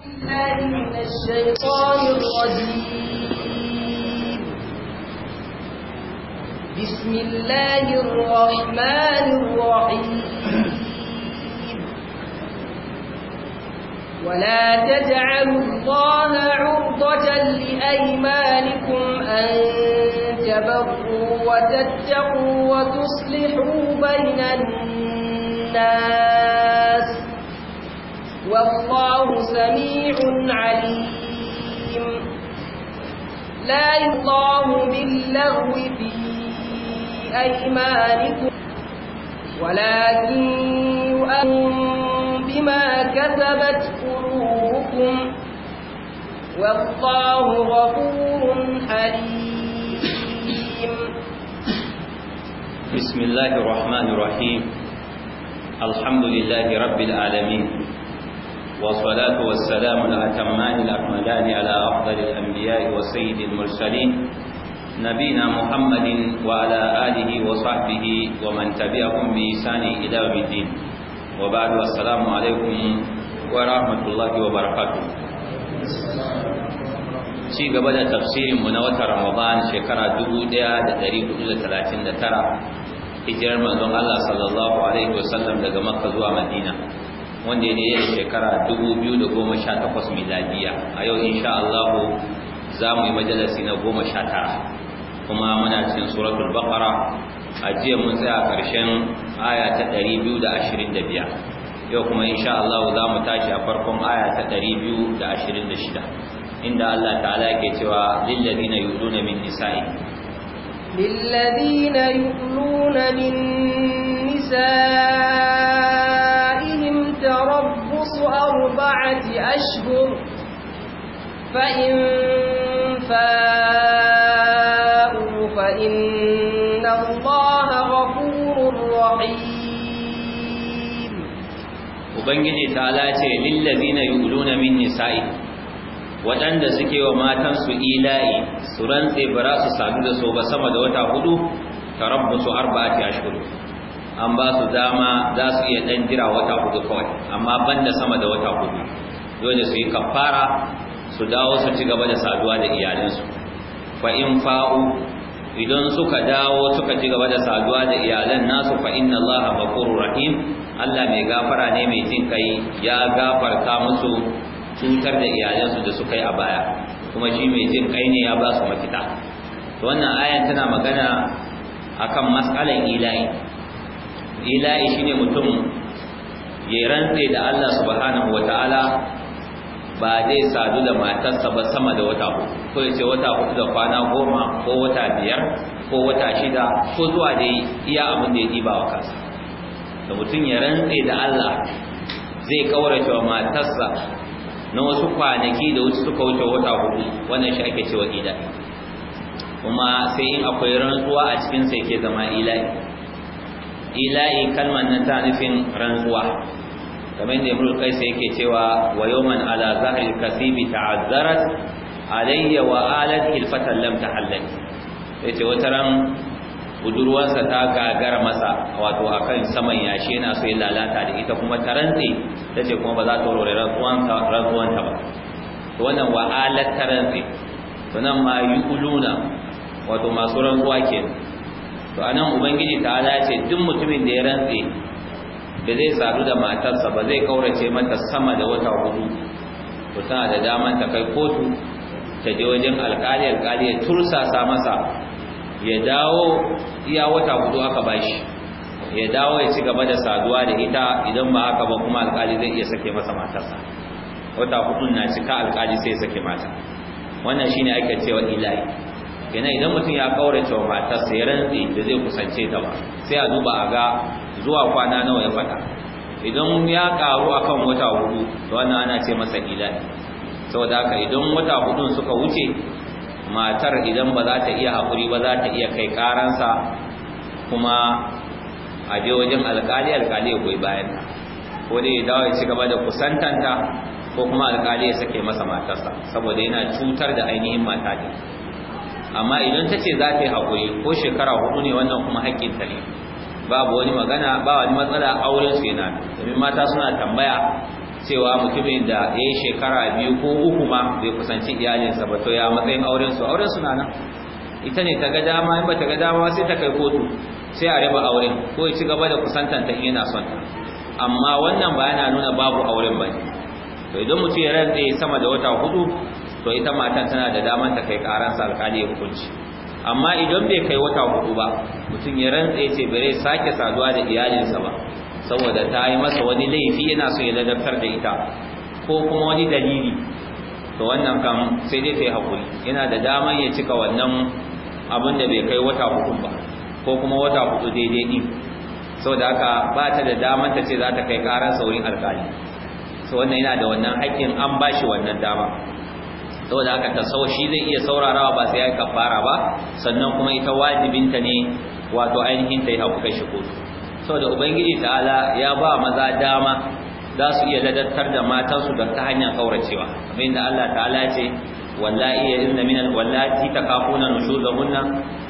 الشيطان بسم الله الرحمن الرحيم ولا تجعلوا الله عرضة لأيمانكم أن تبروا وتتقوا وتصلحوا بين الناس والله سميع عليم لا يطاه باللغو في أيمانكم ولكن يؤمن بما كسبت قلوبكم والله غفور حليم بسم الله الرحمن الرحيم الحمد لله رب العالمين والصلاة والسلام الأتمان الأكملان على أفضل الأنبياء وسيد المرسلين نبينا محمد وعلى آله وصحبه ومن تبعهم بإحسان إلى يوم الدين وبعد والسلام عليكم ورحمة الله وبركاته ci gaba da tafsirinmu na watan Ramadan shekara 1439 hijirar manzon Allah sallallahu alaihi wasallam daga Makka zuwa Madina wanda ya daidai da shekara 2018 miladiya a yau insha Allah za mu yi majalasi na 19 kuma muna cikin suratul baqara a jiya mun tsaya karshen aya ta 225 yau kuma insha Allah za mu tashi a farkon aya ta 226 inda Allah ta'ala yake cewa lil ladina yuduna min nisa'i lil ladina yuduna min nisa'i أربعة أشهر فإن فاءوا فإن الله غفور رحيم وبنجي تعالى للذين يؤلون من نسائهم waɗanda suke wa matansu ila'i su rantse ba za su sadu da so ba sama da wata hudu tarabbusu arba'ati ashhur an ba su dama za su iya ɗan jira wata hudu kawai amma banda sama da wata hudu dole su yi kafara su dawo su ci gaba da saduwa da iyalinsu fa in fa'u idan suka dawo suka ci gaba da saduwa da iyalan nasu fa inna Allah ghafurur rahim Allah mai gafara ne mai jin kai ya gafarta musu cutar da iyalansu da suka yi a baya kuma shi mai jin kai ne ya ba su mafita to wannan ayan tana magana akan mas'alan ilahi ila'i shine mutum ya rantse da Allah subhanahu wataala ba zai sadu da matarsa ba sama da wata uku ko ya ce wata hudu da kwana goma ko wata biyar ko wata shida ko zuwa da iya abin da ya diba wa kansa da mutum ya rantse da Allah zai kaurace wa matarsa na wasu kwanaki da wuce suka wuce wata hudu wannan shi ake cewa ila'i kuma sai in akwai rantsuwa a cikin sai ke zama ila'i ila'i kalman nan ta nufin rantsuwa kamar da imrul kaisa yake cewa wa yawman ala zahri kasibi ta'azzarat alayya wa alat hilfatan lam tahallat ce wata ran budurwarsa ta gagara masa wato akan saman yashi yana so ya lalata da ita kuma ta rantsi tace kuma ba za ta rore rantsuwanta ba wannan wa alat ta rantsi to nan ma yu'luna wato masu rantsuwa kenan to anan ubangiji ta'ala ya ce duk mutumin da ya rantse da zai sadu da matarsa ba zai kaurace mata sama da wata hudu to tana da daman ta kai kotu ta je wajen alkali alkali ya tursasa masa ya dawo iya wata hudu aka bashi ya dawo ya ci gaba da saduwa da ita idan ba haka ba kuma alkali zai iya sake masa matarsa wata hudun na cika alkali sai sake mata wannan shine ake cewa ilahi kenan idan mutum ya kaurace wa matarsa ya rantsi da zai kusance ta ba sai a duba a ga zuwa kwana nawa ya faɗa idan ya karu akan wata hudu to wannan ana ce masa ilani saboda haka idan wata hudun suka wuce matar idan ba za ta iya hakuri ba za ta iya kai karansa kuma a je wajen alƙali alƙali ya goyi bayan ta ko dai ya dawo ya ci gaba da kusantanta ko kuma alƙali ya sake masa matarsa saboda yana cutar da ainihin mata ne amma idan ta ce za ta yi haƙuri ko shekara hudu ne wannan kuma haƙƙin ta ne babu wani magana ba wani matsala auren su yana domin mata suna tambaya cewa mutumin da ya yi shekara biyu ko uku ma zai kusanci iyalinsa ba to ya matsayin auren su auren suna nan ita ne ta ga dama in ba ta ga dama sai ta kai kotu sai a raba auren ko ya ci gaba da kusantan ta yana son ta amma wannan ba yana nuna babu auren ba ne to idan mutum ya rantsa sama da wata hudu to ita matan tana da daman ta kai sa alkali ya hukunci amma idan bai kai wata hudu ba mutum ya rantsa ce bare sake saduwa da iyalinsa ba saboda ta yi masa wani laifi yana so ya ladabtar da ita ko kuma wani dalili to wannan kam sai dai ta yi hakuri yana da daman ya cika wannan abin da bai kai wata hudu ba ko kuma wata hudu daidai din saboda haka ba ta da daman ta ce za ta kai karan saurin alƙali, so wannan yana da wannan haƙƙin an ba shi wannan dama saboda haka ta sau, shi zai iya saurarawa ba sai ya kafara ba sannan kuma ita wajibinta ne wato ainihin ta yi haku kai shi kotu saboda ubangiji ta'ala ya ba maza dama za su iya ladattar da matansu da ta hanyar kauracewa kamar yadda Allah ta'ala ce wallahi ya inna minal wallati takafuna nushuzahunna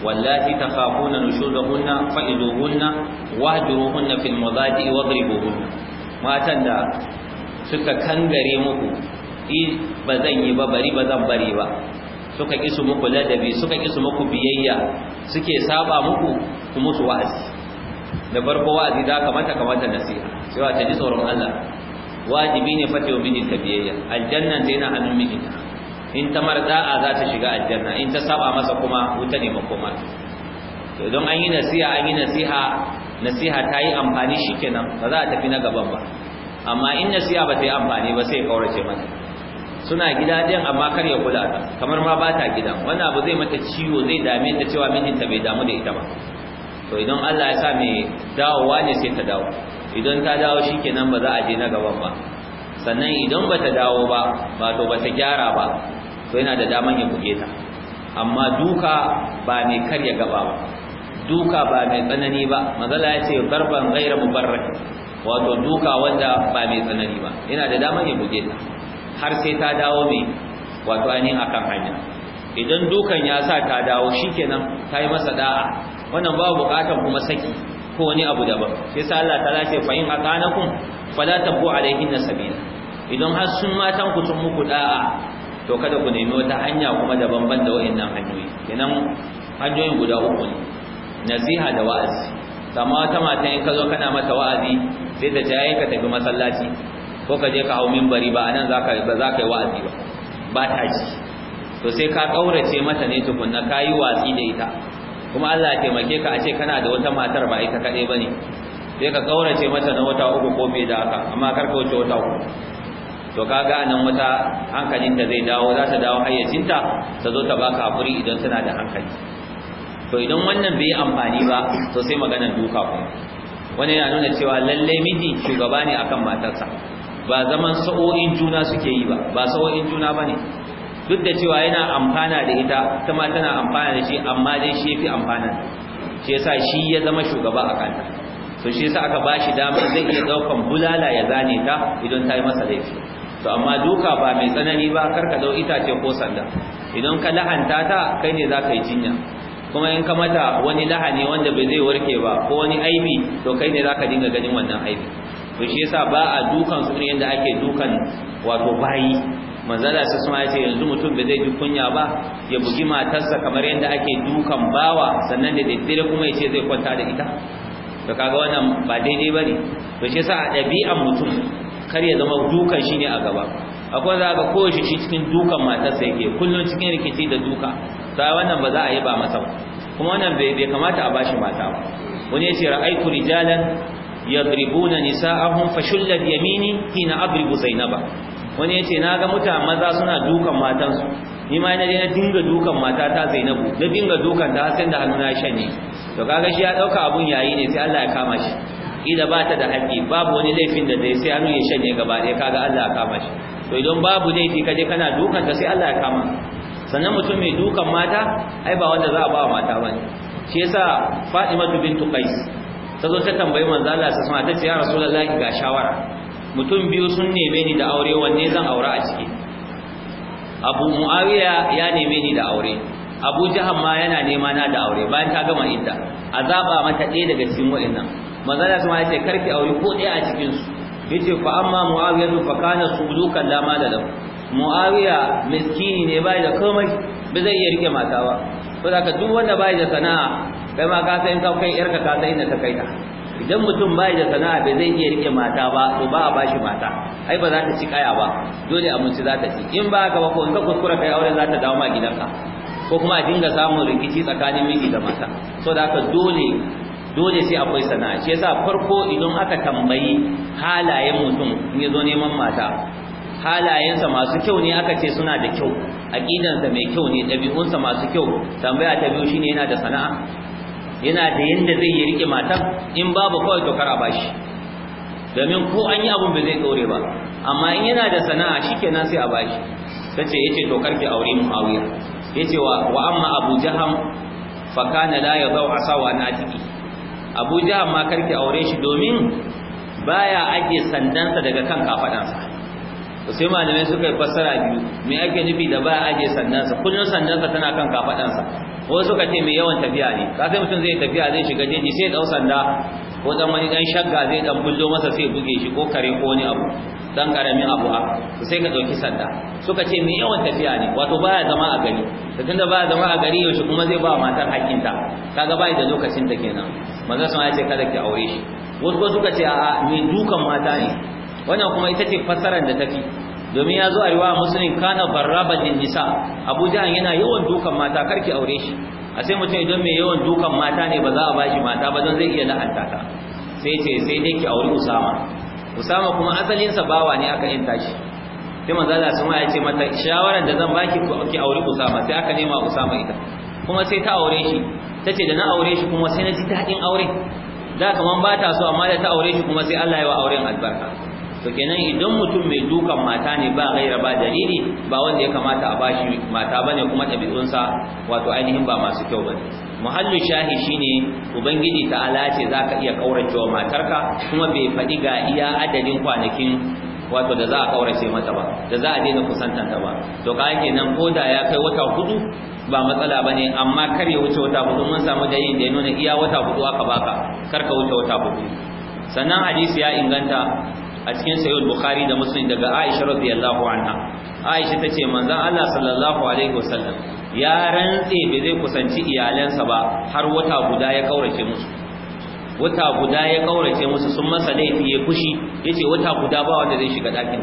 wallati takafuna nushuzahunna fa'iduhunna wahjuruhunna fil madaji wadribuhunna matan da suka kangare muku in ba zan yi ba bari ba zan bari ba suka ki su muku ladabi suka ki su muku biyayya suke saba muku ku musu wa'azi da farko wa'azi da kamata kamata nasiha wa ta ji tsoron Allah wajibi ne fatiwa miji ta biyayya aljanna dai na hannun miji in ta marda'a za ta shiga aljanna in ta saba masa kuma wuta ne makoma to don an yi nasiha an yi nasiha nasiha ta yi amfani shikenan ba za a tafi na gaban ba amma in nasiha ba ta yi amfani ba sai kaurace mata suna gida din amma kar ya kula ta kamar ma bata ta gidan wani abu zai mata ciwo zai dame ta cewa mijinta bai damu da ita ba to idan Allah ya sa mai dawowa ne sai ta dawo idan ta dawo shikenan ba za a je na gaban ba sannan idan bata dawo ba ba to bata gyara ba to yana da daman ya buge ta amma duka ba mai karya gaba ba duka ba mai tsanani ba mazala ya ce garban gaira mubarrak wato duka wanda ba mai tsanani ba yana da daman ya buge ta har sai ta dawo mai wato ainihin akan hanya idan dukan ya sa ta dawo shikenan ta yi masa da'a wannan babu bukatar kuma saki ko wani abu daban sai sa Allah ta lace fa in aqanakum fala tabu alaihin sabila idan har sun matan ku sun muku da'a to kada ku nemi wata hanya kuma daban ban da nan hanyoyi kenan hanyoyin guda uku ne nasiha da wa'azi sama wata mata in ka zo kana mata wa'azi sai ta jaye ka tafi masallaci ko ka je ka hau mimbari ba nan ba za ka yi wa'azi ba ba ta ji to sai ka kaurace mata ne tukunna yi watsi da ita kuma Allah ya taimake ka a ce kana da wata matar ba ita kadai bane sai ka kaurace mata na wata uku ko fiye da haka amma kar ka wuce wata uku to kaga nan wata da zai dawo za ta dawo hayyacinta ta zo ta baka hakuri idan tana da hankali to idan wannan bai amfani ba to sai maganar duka ku wani yana nuna cewa lalle miji shugaba ne akan matarsa ba zaman sa'o'in juna suke yi ba ba sa'o'in juna bane duk da cewa yana amfana da ita ta ma tana amfana da shi amma dai shi yafi amfana shi yasa shi ya zama shugaba a kanta so shi yasa aka bashi damar zai iya daukan bulala ya zane ta idan ta yi masa laifi to amma duka ba mai tsanani ba kar ka dau itace ko sanda idan ka lahanta ta kai ne zaka yi jinya kuma in ka mata wani lahani wanda bai zai warke ba ko wani aibi to kai ne zaka dinga ganin wannan aibi to shi yasa ba a dukan su ne yadda ake dukan wato bayi manzala sai suma yace yanzu mutum bai zai ji kunya ba ya bugi matarsa kamar yadda ake dukan bawa sannan da daddare kuma yace zai kwanta da ita to kaga wannan ba daidai bane to shi yasa a ɗabi'an mutum kar ya zama dukan shine a gaba akwai za ga kowace shi cikin dukan matarsa yake kullun cikin rikici da duka sai wannan ba za a yi ba masa kuma wannan bai kamata a bashi mata ba wani ya ce ra'aitu rijalan yadribuna nisa'ahum fashullal yamini hina adribu zainaba wani yace naga muta maza suna dukan matansu ni ma na je na dinga dukan mata ta Zainabu na dinga dukan ta sai da hannuna shanye to kaga shi ya dauka abun yayi ne sai Allah ya kama shi ida ba ta da haƙi babu wani laifin da zai sai hannun ya shanye gaba ɗaya kaga Allah ya kama shi to idan babu laifi kaje kana dukan ta sai Allah ya kama sannan mutum mai dukan mata ai ba wanda za a ba wa mata bane shi yasa Fatima bintu Qais ta zo ta tambayi manzo Allah sai ta ce ya rasulullahi ga shawara mutum biyu sun neme ni da aure wanne zan aura a ciki Abu Muawiya ya neme ni da aure Abu Jahal ma yana nema na da aure bayan ta gama idda azaba mata ɗaya daga cikin wa'annan manzo Allah sai ya ce karki aure ko ɗaya a cikin su yace fa amma Muawiya fa kana sulukan la mala Muawiya miskini ne bai da komai bai zai iya rike mata ba saboda duk wanda bai da sana'a kai ma ka san ka kai yarka ka san inda ta kai ta idan mutum bai da sana'a bai zai iya rike mata ba to ba a bashi mata ai ba za ta ci kaya ba dole abinci za ta ci in ba ka ba ko in ka kuskura kai aure za ta dawo ma gidanka ko kuma a dinga samun rikici tsakanin miji da mata so da haka dole dole sai akwai sana'a shi yasa farko idan aka tambayi halayen mutum in ya zo neman mata halayensa masu kyau ne aka ce suna da kyau aqidansa mai kyau ne ɗabi'unsa masu kyau tambaya ta biyu shine yana da sana'a yana da yanda zai yi rike matan in babu kawai to kara bashi domin ko an yi abun ba zai dore ba amma in yana da sana'a shikenan sai a bashi tace yace to karki aure Muawiya yace wa wa amma Abu Jaham fa kana la yadau asawa an Abu Jaham ma karki aure shi domin baya ake sandansa daga kan kafadansa to sai malamai suka yi fassara biyu me ake nufi da ba aje sandansa kullun sa tana kan kafadansa wasu suka ce me yawan tafiya ne ka sai mutum zai tafiya zai shiga jeji sai dau sanda ko dan wani dan shagga zai dan bullo masa sai buge shi ko kare ko wani abu dan karamin abu ha sai ka dauki sanda suka ce me yawan tafiya ne wato baya zama a gari da tunda baya zama a gari yaushe kuma zai ba matar hakinta kaga bai da lokacin da kenan manzo sun ya ce kada ki aure shi wasu suka ce a'a me dukan mata ne wannan kuma ita ce fassarar da tafi domin ya zo a riwaya muslim kana barraba din nisa abu jahan yana yawan dukan mata karki aure shi a sai mutum idan mai yawan dukan mata ne ba za a bashi mata ba don zai iya la'anta ta sai ce sai dai ki aure usama usama kuma asalinsa bawa ne aka yin tashi sai manzo Allah sun ya ce mata shawaran da zan baki ki aure usama sai aka nema usama ita kuma sai ta aure shi tace da na aure shi kuma sai na ji dadin aure da kaman ba ta so amma da ta aure shi kuma sai Allah ya wa auren albarka to kenan idan mutum mai dukan mata ne ba gaira ba dalili ba wanda ya kamata a bashi mata bane kuma ɗabi'unsa wato ainihin ba masu kyau bane muhallu shahi shine ubangiji ala ce zaka iya kauracewa matarka kuma bai faɗi ga iya adadin kwanakin wato da za a kaurace mata ba da za a daina kusantanta ba to ka kenan ko da ya kai wata hudu ba matsala bane amma kar ya wuce wata hudu mun samu dalilin da ya nuna iya wata hudu aka baka kar ka wuce wata hudu sannan hadisi ya inganta a cikin sayyid bukhari da muslim daga aisha radiyallahu anha aisha tace manzon Allah sallallahu alaihi wasallam ya rantse bai zai kusanci iyalansa ba har wata guda ya kaurace musu wata guda ya kaurace musu sun masa laifi ya kushi yace wata guda ba wanda zai shiga dakin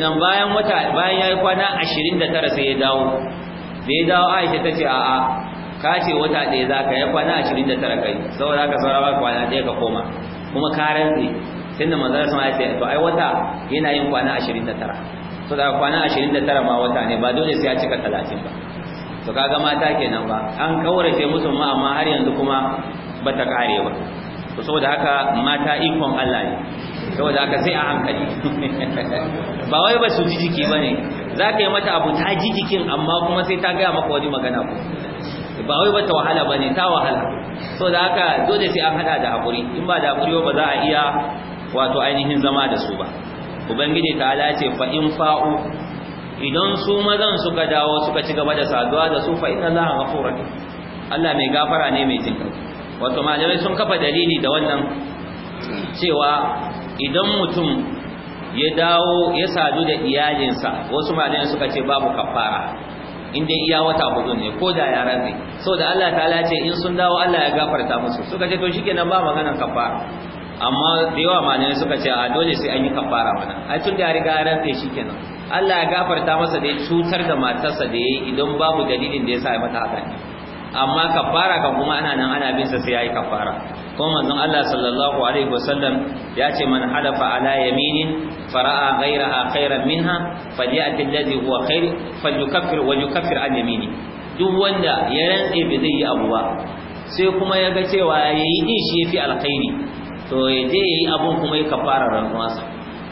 nan bayan wata bayan yayi kwana 29 sai ya dawo da ya dawo Aisha tace a ka ce wata ɗaya za ka yi kwana 29 kai saboda ka saura ba kwana ɗaya ka koma kuma ka rantse tunda manzon sama ya ce to ai wata yana yin kwana 29 to da kwana 29 ma wata ne ba dole sai ya cika 30 ba to kaga mata kenan ba an kaurace musu ma amma har yanzu kuma bata kare ba to saboda haka mata ikon Allah ne saboda haka sai a hankali ba wai ba su jijiki jiki bane zaka yi mata abu ta ji jikin amma kuma sai ta ga maka wani magana ko ba wai bata wahala bane ta wahala saboda haka dole sai an hada da hakuri in ba da hakuri ba za a iya wato ainihin zama da su ba ubangiji ala ce fa in fa'u idan su mazan suka dawo suka ci gaba da saduwa da su fa inna allaha rahim Allah mai gafara ne mai jinka wato malamai sun kafa dalili da wannan cewa idan mutum ya dawo ya sadu da iyalinsa wasu malamai suka ce babu kafara inda iya wata hudu ne ko da yaran ne saboda Allah ta'ala ce in sun dawo Allah ya gafarta musu suka ce to shikenan ba maganan kafara amma da yawa malamai suka ce a dole sai an yi kafara mana ai tun da riga ran sai shikenan Allah ya gafarta masa da cutar da matarsa da yayi idan babu dalilin da yasa ya mata haka amma kafara kan kuma ana nan ana bin sa sai yayi kafara kuma manzon Allah sallallahu alaihi wasallam ya ce man halafa ala yaminin fara'a ghayraha khairan minha falyati alladhi huwa khair falyukaffir wa yukaffir an yamini duk wanda ya rantse bai zai yi abu ba sai kuma ya ga cewa yayi din shi yafi alkhairi to ya je yi abun kuma ya kafara rantsuwansa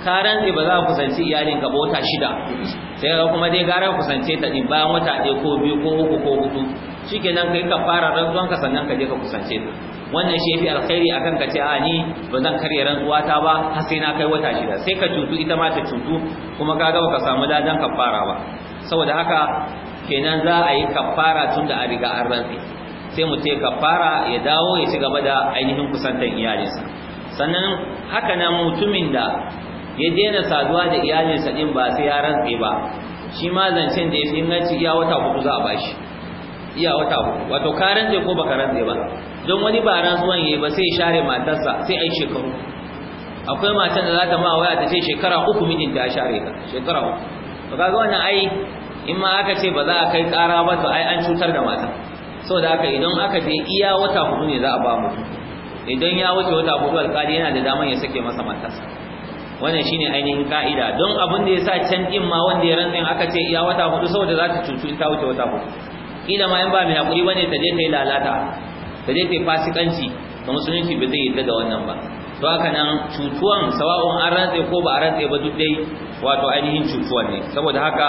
ka rantsi ba za a kusanci iyalin ka bota shida sai ga kuma dai gara kusance ta din bayan wata ɗaya ko biyu ko uku ko hudu ka kai kafara ka sannan ka je ka kusance ta wannan shi yafi alkhairi akan ka ce a ni ba zan karya rantsuwata ba har sai na kai wata shida sai ka cutu ita ma ta cutu kuma ka ga ba ka samu ladan kafara ba saboda haka kenan za a yi kafara tun da an riga an rantsi sai mu ce kafara ya dawo ya ci gaba da ainihin kusantan iyalinsa sannan haka nan mutumin da ya daina saduwa da iyalinsa din ba sai ya rantsa ba shi ma zancen da ya fi inganci iya wata hudu za a bashi iya wata hudu wato ka rantsa ko baka rantsa ba don wani ba rantsuwan yayi ba sai ya share matarsa sai ai shekaru akwai matan da za ta ma waya ta ce shekara uku mijin ta share ka shekara uku to kaga wannan ai in ma aka ce ba za a kai kara ba to ai an cutar da mata saboda haka idan aka je iya wata hudu ne za a ba mutum idan ya wuce wata hudu alƙali yana da daman ya sake masa matarsa wannan shine ainihin ka'ida don abin da yasa can din ma wanda ya rantsin aka ce iya wata hudu saboda za ta cutu in ta wuce wata hudu kila ma in ba mai hakuri bane ta je ta yi lalata ta je ta fasikanci ga musulunci ba zai yadda da wannan ba to haka nan cutuwan sawa'un an rantse ko ba a rantse ba duk dai wato ainihin cutuwan ne saboda haka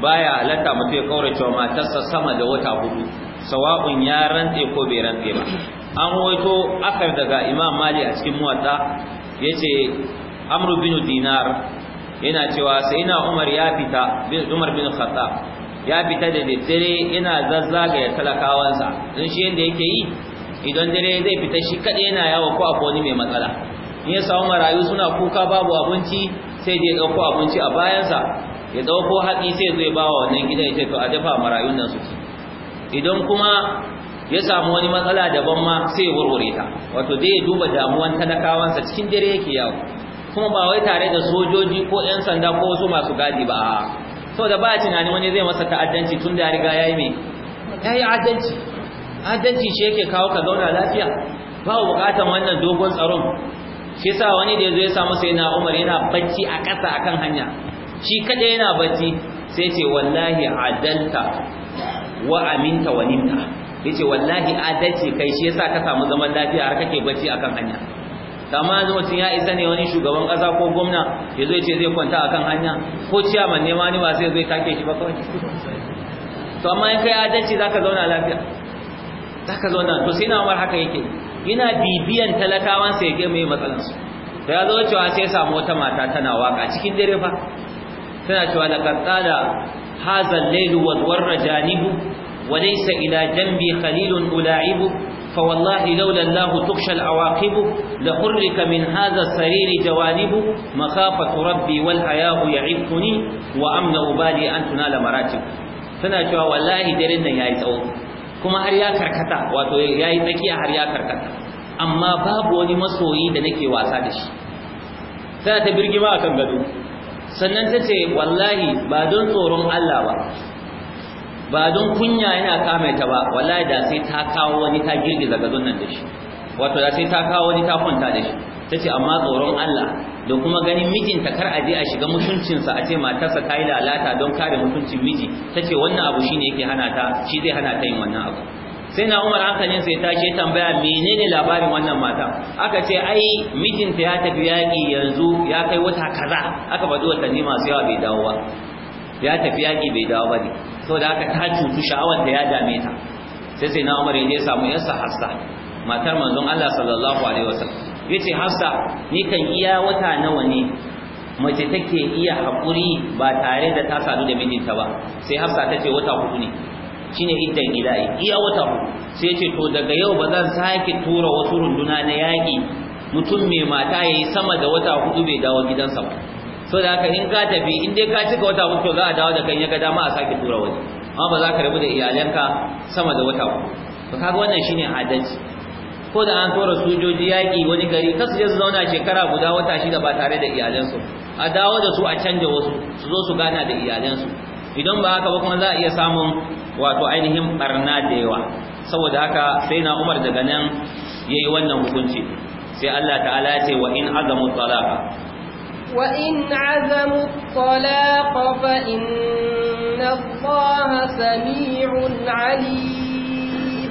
baya halatta mutum ya kaurace wa matarsa sama da wata hudu sawa'un ya rantse ko bai rantse ba an waito akar daga imam mali a cikin muwatta ce amru bin dinar yana cewa sai na umar ya fita umar bin khata ya fita da daddare yana zazzaga ya talakawansa don shi yadda yake yi idan dare zai fita shi kaɗai yana yawo ko akwai mai matsala in ya samu marayu suna kuka babu abinci sai dai ɗauko abinci a bayansa ya ɗauko hatsi sai zai bawa wannan gidan ya ce to a dafa marayun nan su ci idan kuma ya samu wani matsala daban ma sai ya warware ta wato zai duba damuwan talakawansa cikin dare yake yawo kuma ba wai tare da sojoji ko 'yan sanda ko wasu masu gadi ba saboda ba tunanin wani zai masa ta'addanci tun da ya riga yayi me yayi addanci addanci shi yake kawo ka zauna lafiya ba bukatan wannan dogon tsaron shi yasa wani da ya zo ya samu sai na Umar yana bacci a ƙasa akan hanya shi kaɗai yana bacci sai ce wallahi adalta wa aminta wa nimta yace wallahi adalci kai shi yasa ka samu zaman lafiya har kake bacci akan hanya kama yanzu mutum ya isa ne wani shugaban kasa ko gwamna ya zo ce zai kwanta akan hanya ko ciyaman nema ni ba sai zai take shi ba kawai to amma in kai adalci zaka zauna lafiya zaka zauna to sai na umar haka yake Ina bibiyan talakawan sai yake mai matsalan su to ya zo cewa sai ya samu wata mata tana waka cikin dare fa tana cewa laqad qala hazal laylu wa dwarra janibu وليس إلى جنبي خليل ألاعبه فوالله لولا الله تخشى العواقب لحرك من هذا السرير جوانب مخافة ربي والحياء يعبتني وأمن أبالي أن تنال مراتب tana cewa wallahi daren nan yayi tsawo kuma har ya karkata wato yayi tsakiya har ya karkata amma babu wani masoyi da nake wasa da shi tana ta birgima akan gado sannan tace wallahi ba don tsoron Allah ba ba don kunya yana kame ta ba wallahi da sai ta kawo wani ta girgiza gazon nan da shi wato da sai ta kawo wani ta kwanta da shi tace amma tsoron Allah da kuma ganin mijinta kar a je a shiga mutuncinsa a ce matarsa ta yi lalata don kare mutuncin miji tace wannan abu shine yake hana ta shi zai hana ta yin wannan abu sai na umar hankalin sai ta ce tambaya menene labarin wannan mata aka ce ai mijinta ya tafi yaƙi yanzu ya kai wata kaza aka faɗi watanni masu yawa bai dawo ba ya tafi yaƙi bai dawo ba ne saboda haka ta cutu sha'awar da ya dame ta sai sai na Umar ya samu yansa Hafsa matar manzon Allah sallallahu alaihi wasallam yace Hafsa ni kan iya wata nawa ne mace take iya haƙuri ba tare da ta sadu da mijinta ba sai Hafsa ce wata hudu ne shine iddan gida'i iya wata hudu sai yace to daga yau ba zan sake tura wasu runduna na yaƙi mutum mai mata yayi sama da wata hudu bai dawo gidansa ba so da haka in ka tafi in dai ka cika wata uku za a dawo da kai ya ga dama a sake tura wani amma ba za ka rabu da iyalanka sama da wata uku to kaga wannan shine adalci ko da an tura sojoji yaki wani gari kasu je su zauna shekara guda wata da ba tare da iyalansu a dawo da su a canja wasu su zo su gana da iyalansu idan ba haka ba kuma za a iya samun wato ainihin barna da yawa saboda haka sai na umar daga nan yayi wannan hukunci sai allah ta'ala ya ce wa in azamu talaka وإن عزموا الطلاق فإن الله سميع عليم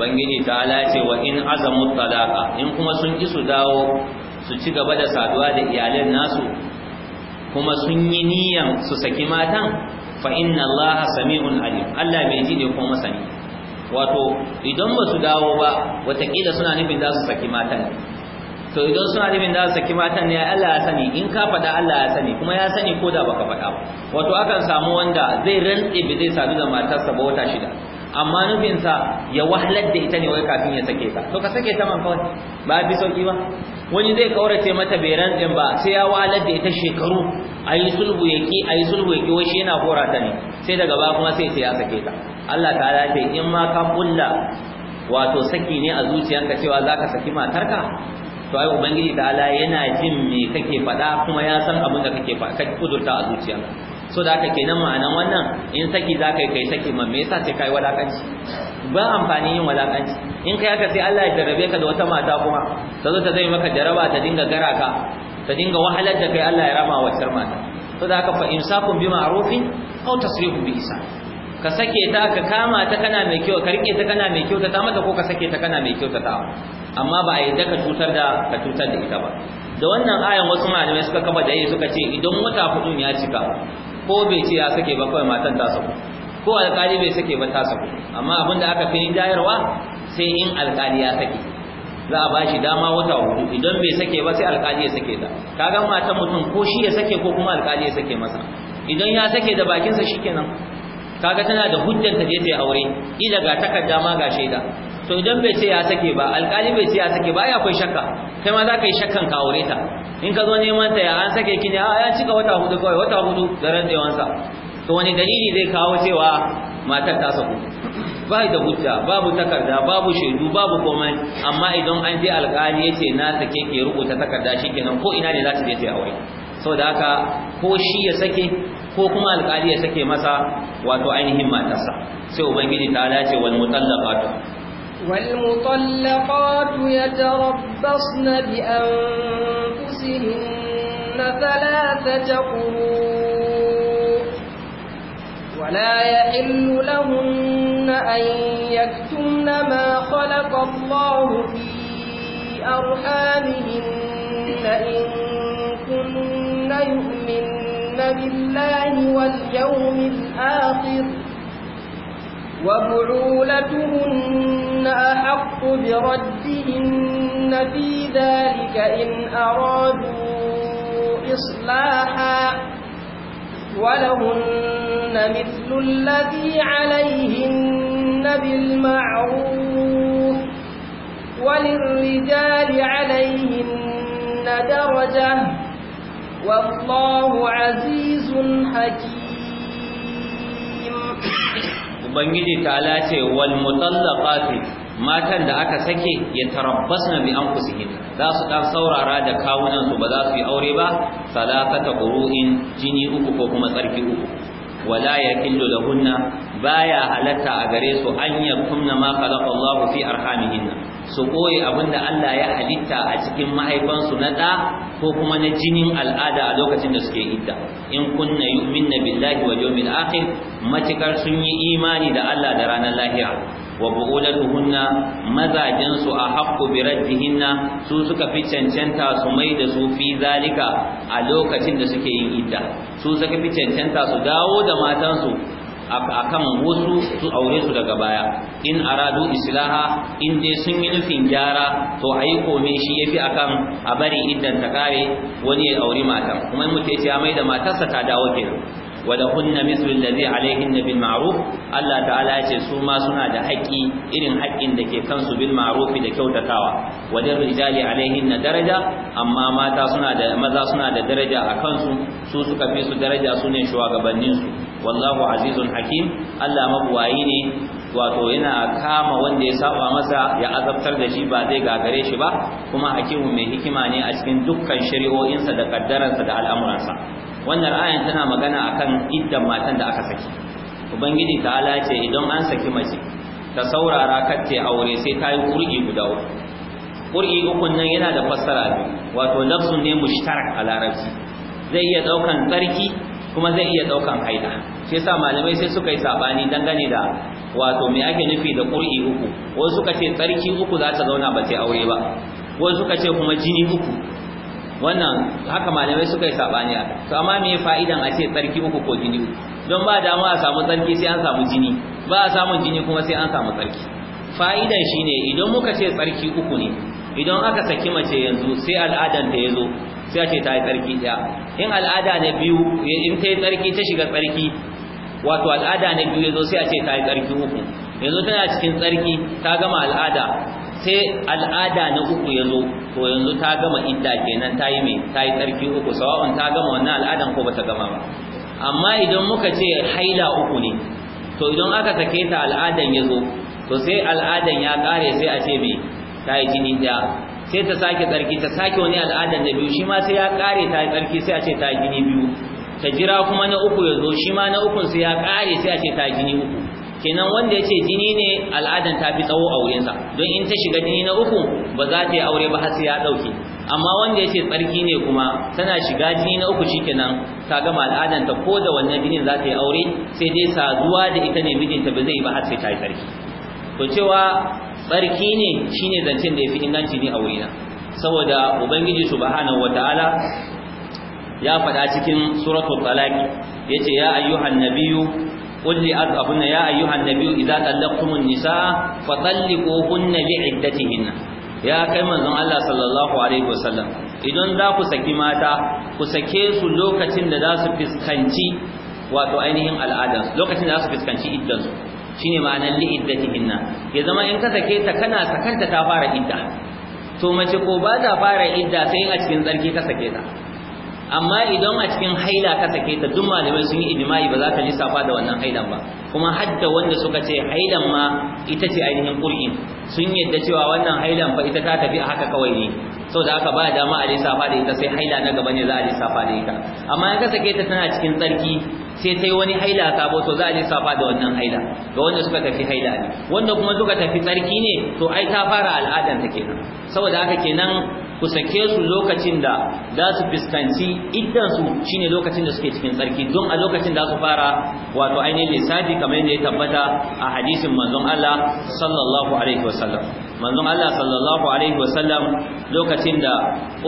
بنجي تعالى وإن عزموا الطلاق إن كما سنجسوا داو سنجي قبل سعدوا لإيالين ناسو kuma sun yi niyan su saki matan fa inna allaha sami'un alim Allah ji ne wato idan ba su dawo ba watakila suna nufin za su saki matan to idan suna nufin da saki matan ne Allah ya sani in ka faɗa Allah ya sani kuma ya sani ko da baka faɗa ba wato akan samu wanda zai rantse ba zai sadu da matarsa ba wata shida amma nufinsa ya wahalar da ita ne wai kafin ya sake ta to ka sake ta man kawai ba bi sauki ba wani zai kaurace mata bai rantsin ba sai ya wahalar da ita shekaru ayi sulhu yaki ayi sulhu yaki wai shi yana hora ta ne sai daga ba kuma sai ya sake ta Allah ta ce in ma ka kulla wato saki ne a zuciyanka cewa zaka saki matarka to ai ubangiji ala yana jin me kake faɗa kuma ya san abin da kake kake kudurta a zuciya. so da haka kenan ma'anan wannan in saki za ka kai saki ma me yasa sai kai walakanci ba amfani yin walakanci in kai haka sai Allah ya jarabe ka da wata mata kuma ta zo ta zai maka jaraba ta dinga gara ka ta dinga wahalar da kai Allah ya rama wa mata so da haka fa imsakun bi ma'rufin aw tasrihu bi isa. ka sake ta ka kama ta kana mai kyau ka rike ta kana mai kyau ta mata ko ka sake ta kana mai kyau ta amma ba a yi daga cutar da ka cutar da ita ba da wannan ayan wasu malamai suka kafa da yi suka ce idan wata hudu ya cika ko bai ce ya sake ba kawai matan ta sako ko alkali bai sake ba ta sako amma abin da aka fi jayarwa sai in alkali ya sake za a bashi dama wata hudu idan bai sake ba sai alkali ya sake ta kaga matan mutum ko shi ya sake ko kuma alkali ya sake masa idan ya sake da bakinsa shikenan kaga tana da hujjar ta je ta aure ila ga takarda ma ga shaida to idan bai ce ya sake ba alƙali bai ce ya sake ba ya akwai shakka kai ma za ka yi shakkan ka aure ta in ka zo neman ta ya an sake ki ne a ya cika wata hudu kawai wata hudu da yawansa. to wani dalili zai kawo cewa matar ta saku ba da hujja babu takarda babu shaidu babu komai amma idan an je alƙali ya ce na sake ke rubuta takarda shikenan ko ina ne za ta je ta aure saboda haka ko shi ya sake ko kuma alƙali ya sake masa wato ainihin matarsa sai ubangiji ta dace wal mutallaqatu والمطلقات يتربصن بأنفسهن ثلاثة قروء ولا يحل لهن أن يكتمن ما خلق الله في أرحامهن إن كن يؤمن بالله واليوم الآخر وبعولتهن أحق بردهن في ذلك إن أرادوا إصلاحا ولهن مثل الذي عليهن بالمعروف وللرجال عليهن درجة والله عزيز حكيم ubangiji ta'ala ce wal mutallaqati matan da aka sake ya tarabbasna bi anfusihin za su dan saurara da kawunan su ba za su yi aure ba salatata quru'in jini uku ko kuma tsarki uku wala yakillu lahunna baya halatta a gare su an yakunna ma khalaqa Allahu fi arhamihinna su koyi abinda Allah ya halitta a cikin mahaifansu na da ko kuma na jinin al'ada a lokacin da suke idda in kunna yu'minna billahi wal yawmil akhir matikar sun yi imani da Allah da ranar lahira wa bu'ulatuhunna mazajin su a haqqu bi raddihinna su suka fi cancanta su mai da su fi zalika a lokacin da suke yin idda su suka fi cancanta su dawo da matansu akan wasu su aure su daga baya in aradu islaha in dai sun yi nufin gyara to ayi komi shi yafi akan a bari idan ta kare wani ya auri matan kuma mutum ya ce ya mai da matarsa ta dawo kenan zai مثل الذي عليهن Allah Ta'ala ya ce su ma suna da haƙƙi irin haƙƙin da ke kansu bil da kyautatawa wajen rijali alaihin daraja amma mata suna da maza suna da daraja a kansu su suka fi su daraja su ne shugabanninsu. wallahu azizun hakim Allah mabuwayi ne wato yana kama wanda ya saba masa ya azabtar da shi ba zai gagare shi ba kuma hakimu mai hikima ne a cikin dukkan shari'o'insa da kaddaransa da al'amuransa wannan ayan tana magana akan iddan matan da aka saki ubangiji ta ce idan an saki mace ta saurara ya aure sai ta yi ƙur'i guda uku ƙur'i ukun nan yana da fassara biyu wato lafsun ne mushtarak a larabci zai iya ɗaukan tsarki kuma zai iya daukan haida shi yasa malamai sai suka yi sabani dangane da wato me ake nufi da qur'i uku wasu suka ce tsarki uku za ta zauna ba sai aure ba wasu suka ce kuma jini uku wannan haka malamai suka yi sabani a to amma me fa'idan a ce tsarki uku ko jini uku don ba mu a samu tsarki sai an samu jini ba a samun jini kuma sai an samu tsarki fa'idan shine idan muka ce tsarki uku ne idan aka saki mace yanzu sai al'adan ta yazo sai ce ta yi tsarki ɗaya in al'ada na biyu in ta yi tsarki ta shiga tsarki wato al'ada na biyu ya zo sai a ce ta yi tsarki uku yanzu tana cikin tsarki ta gama al'ada sai al'ada na uku ya zo to yanzu ta gama idda kenan ta yi mai ta yi tsarki uku sawa'un ta gama wannan al'adan ko bata gama ba amma idan muka ce haila uku ne to idan aka sake ta al'adan ya zo to sai al'adan ya kare sai a ce mai ta yi jini ɗaya sai ta sake tsarki ta sake wani al'adar da biyu shi ma sai ya kare ta tsarki sai a ce ta gini biyu ta jira kuma na uku ya zo shi ma na uku sai ya kare sai a ce ta gini uku kenan wanda ya ce jini ne al'adan ta fi tsawo a wurinsa don in ta shiga jini na uku ba za ta yi aure ba har sai ya ɗauke amma wanda ya ce tsarki ne kuma tana shiga jini na uku kenan ta gama al'adar ta ko da wannan jinin za ta yi aure sai dai saduwa da ita ne mijinta ba zai yi ba har sai ta yi tsarki to cewa barki ne shine zancen da yafi inganci ne a wurina saboda ubangiji subhanahu wataala ya faɗa cikin suratul talaq yace ya ayyuhan nabiyyu قل لأذهبن يا أيها النبي إذا طلقتم النساء فطلقوهن لعدتهن يا كما زن الله صلى الله عليه وسلم idan za ku saki mata ku sake su lokacin da za su fiskanci wato ainihin al'ada lokacin da za su fiskanci iddansu shine ma'anar na, ya zama in ka sake ta kana sakanta ta fara idda to mace ko ba ta fara idda sai a cikin tsarki ka sake ta amma idan a cikin haila ka sake ta duk malamai sun yi ijma'i ba za ka lissafa da wannan hailan ba kuma hadda wanda suka ce hailan ma ita ce ainihin qur'in sun yadda cewa wannan hailan fa ita ta tafi a haka kawai ne saboda haka ba dama a lissafa da ita sai haila na gaba ne za a lissafa da ita amma in ka sake ta tana cikin tsarki sai ta yi wani haila sabo to za a lissafa da wannan haila ga wanda suka tafi haila ne wanda kuma suka tafi tsarki ne to ai ta fara al'adan ta kenan saboda haka kenan ku sake su lokacin da za su fuskanci iddansu shine lokacin da suke cikin tsarki don a lokacin da su fara wato ainihin lissafi kamar yadda ya tabbata a hadisin manzon Allah sallallahu alaihi wasallam manzon Allah sallallahu alaihi wasallam lokacin da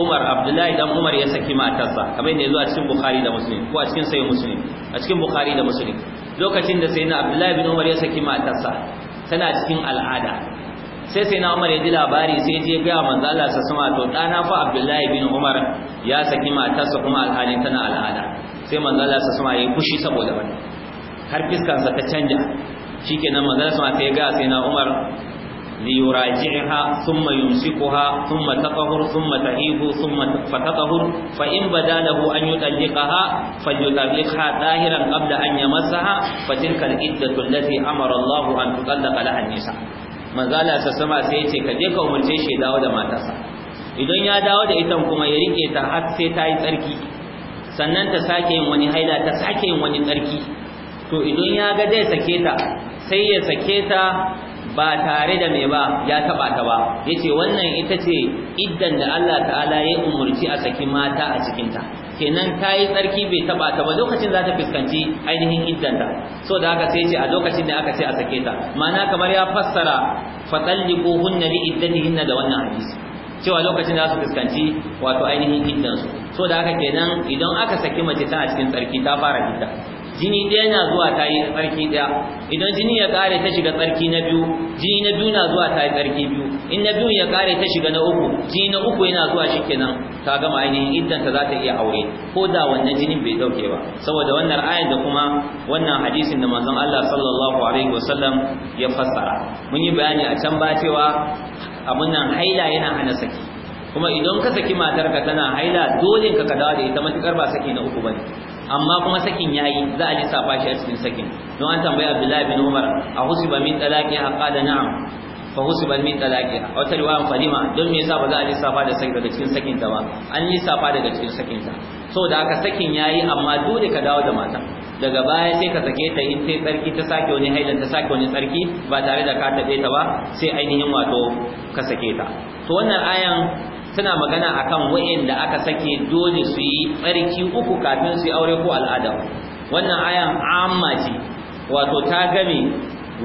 Umar Abdullahi dan Umar ya saki matarsa kamar yadda ya zo a cikin Bukhari da Muslim ko a cikin Sahih Muslim a cikin Bukhari da Muslim lokacin da sayyidina Abdullahi bin Umar ya saki matarsa tana cikin al'ada sai sai na Umar ya ji labari sai je ga manzo Allah sa sama to dana fa Abdullahi bin Umar ya saki matarsa kuma alhalin tana al'ada sai manzo Allah sa sama yayi fushi saboda wannan har fiskansa ta canja shikenan manzo Allah sa sai ga sai na Umar ليراجعها ثم يمسكها ثم تطهر ثم تهيب ثم فتطهر an بدا له أن يطلقها فليطلقها ظاهرا fa أن يمسها فتلك العدة التي أمر الله أن تطلق لها النساء manzala sa sama sai ya ce ka je ka umarce shi dawo da matarsa idan ya dawo da ita kuma ya rike ta har sai ta yi tsarki sannan ta sake yin wani haila ta sake yin wani tsarki to idan ya ga zai sake ta sai ya sake ta ba tare da me ba ya taba ta ba yace wannan ita ce iddan da Allah ta'ala ya umurci a saki mata a cikin ta kenan ta yi tsarki bai taba ta ba lokacin za ta fuskanci ainihin iddanta so da haka sai ce a lokacin da aka ce a sake ta ma'ana kamar ya fassara fatalliquhunna li iddatihinna da wannan hadisi cewa lokacin da su fuskanci wato ainihin iddansu so da haka kenan idan aka saki mace ta a cikin tsarki ta fara gida. jini ɗaya na zuwa ta yi tsarki ɗaya idan jini ya ƙare ta shiga tsarki na biyu jini na biyu na zuwa ta yi tsarki biyu in na biyun ya ƙare ta shiga na uku jini na uku yana zuwa shi kenan ta gama ainihin iddanta za ta iya aure ko da wannan jinin bai ɗauke ba saboda wannan ayar da kuma wannan hadisin da manzon Allah sallallahu alaihi wasallam ya fassara mun yi bayani a can ba cewa abun nan haila yana hana saki kuma idan ka saki matarka tana haila dole ka ka dawo da ita matukar ba saki na uku ne. amma kuma sakin yayi za a lissafa shi a cikin sakin don an tambaya Abdullahi bin Umar a husiba min talaqi qala na'am fa husiba min talaqi a wata riwaya fadima don me yasa ba za a lissafa da sakin daga cikin sakin ta ba an lissafa daga cikin sakin ta saboda haka sakin yayi amma dole ka dawo da matan daga baya sai ka sake ta in sai tsarki ta sake wani hailan ta sake wani tsarki ba tare da ka tabe ta ba sai ainihin wato ka sake ta to wannan ayan suna magana akan da aka sake dole su yi tsarki uku kafin su aure ko al'ada wannan ayan amma ce wato ta game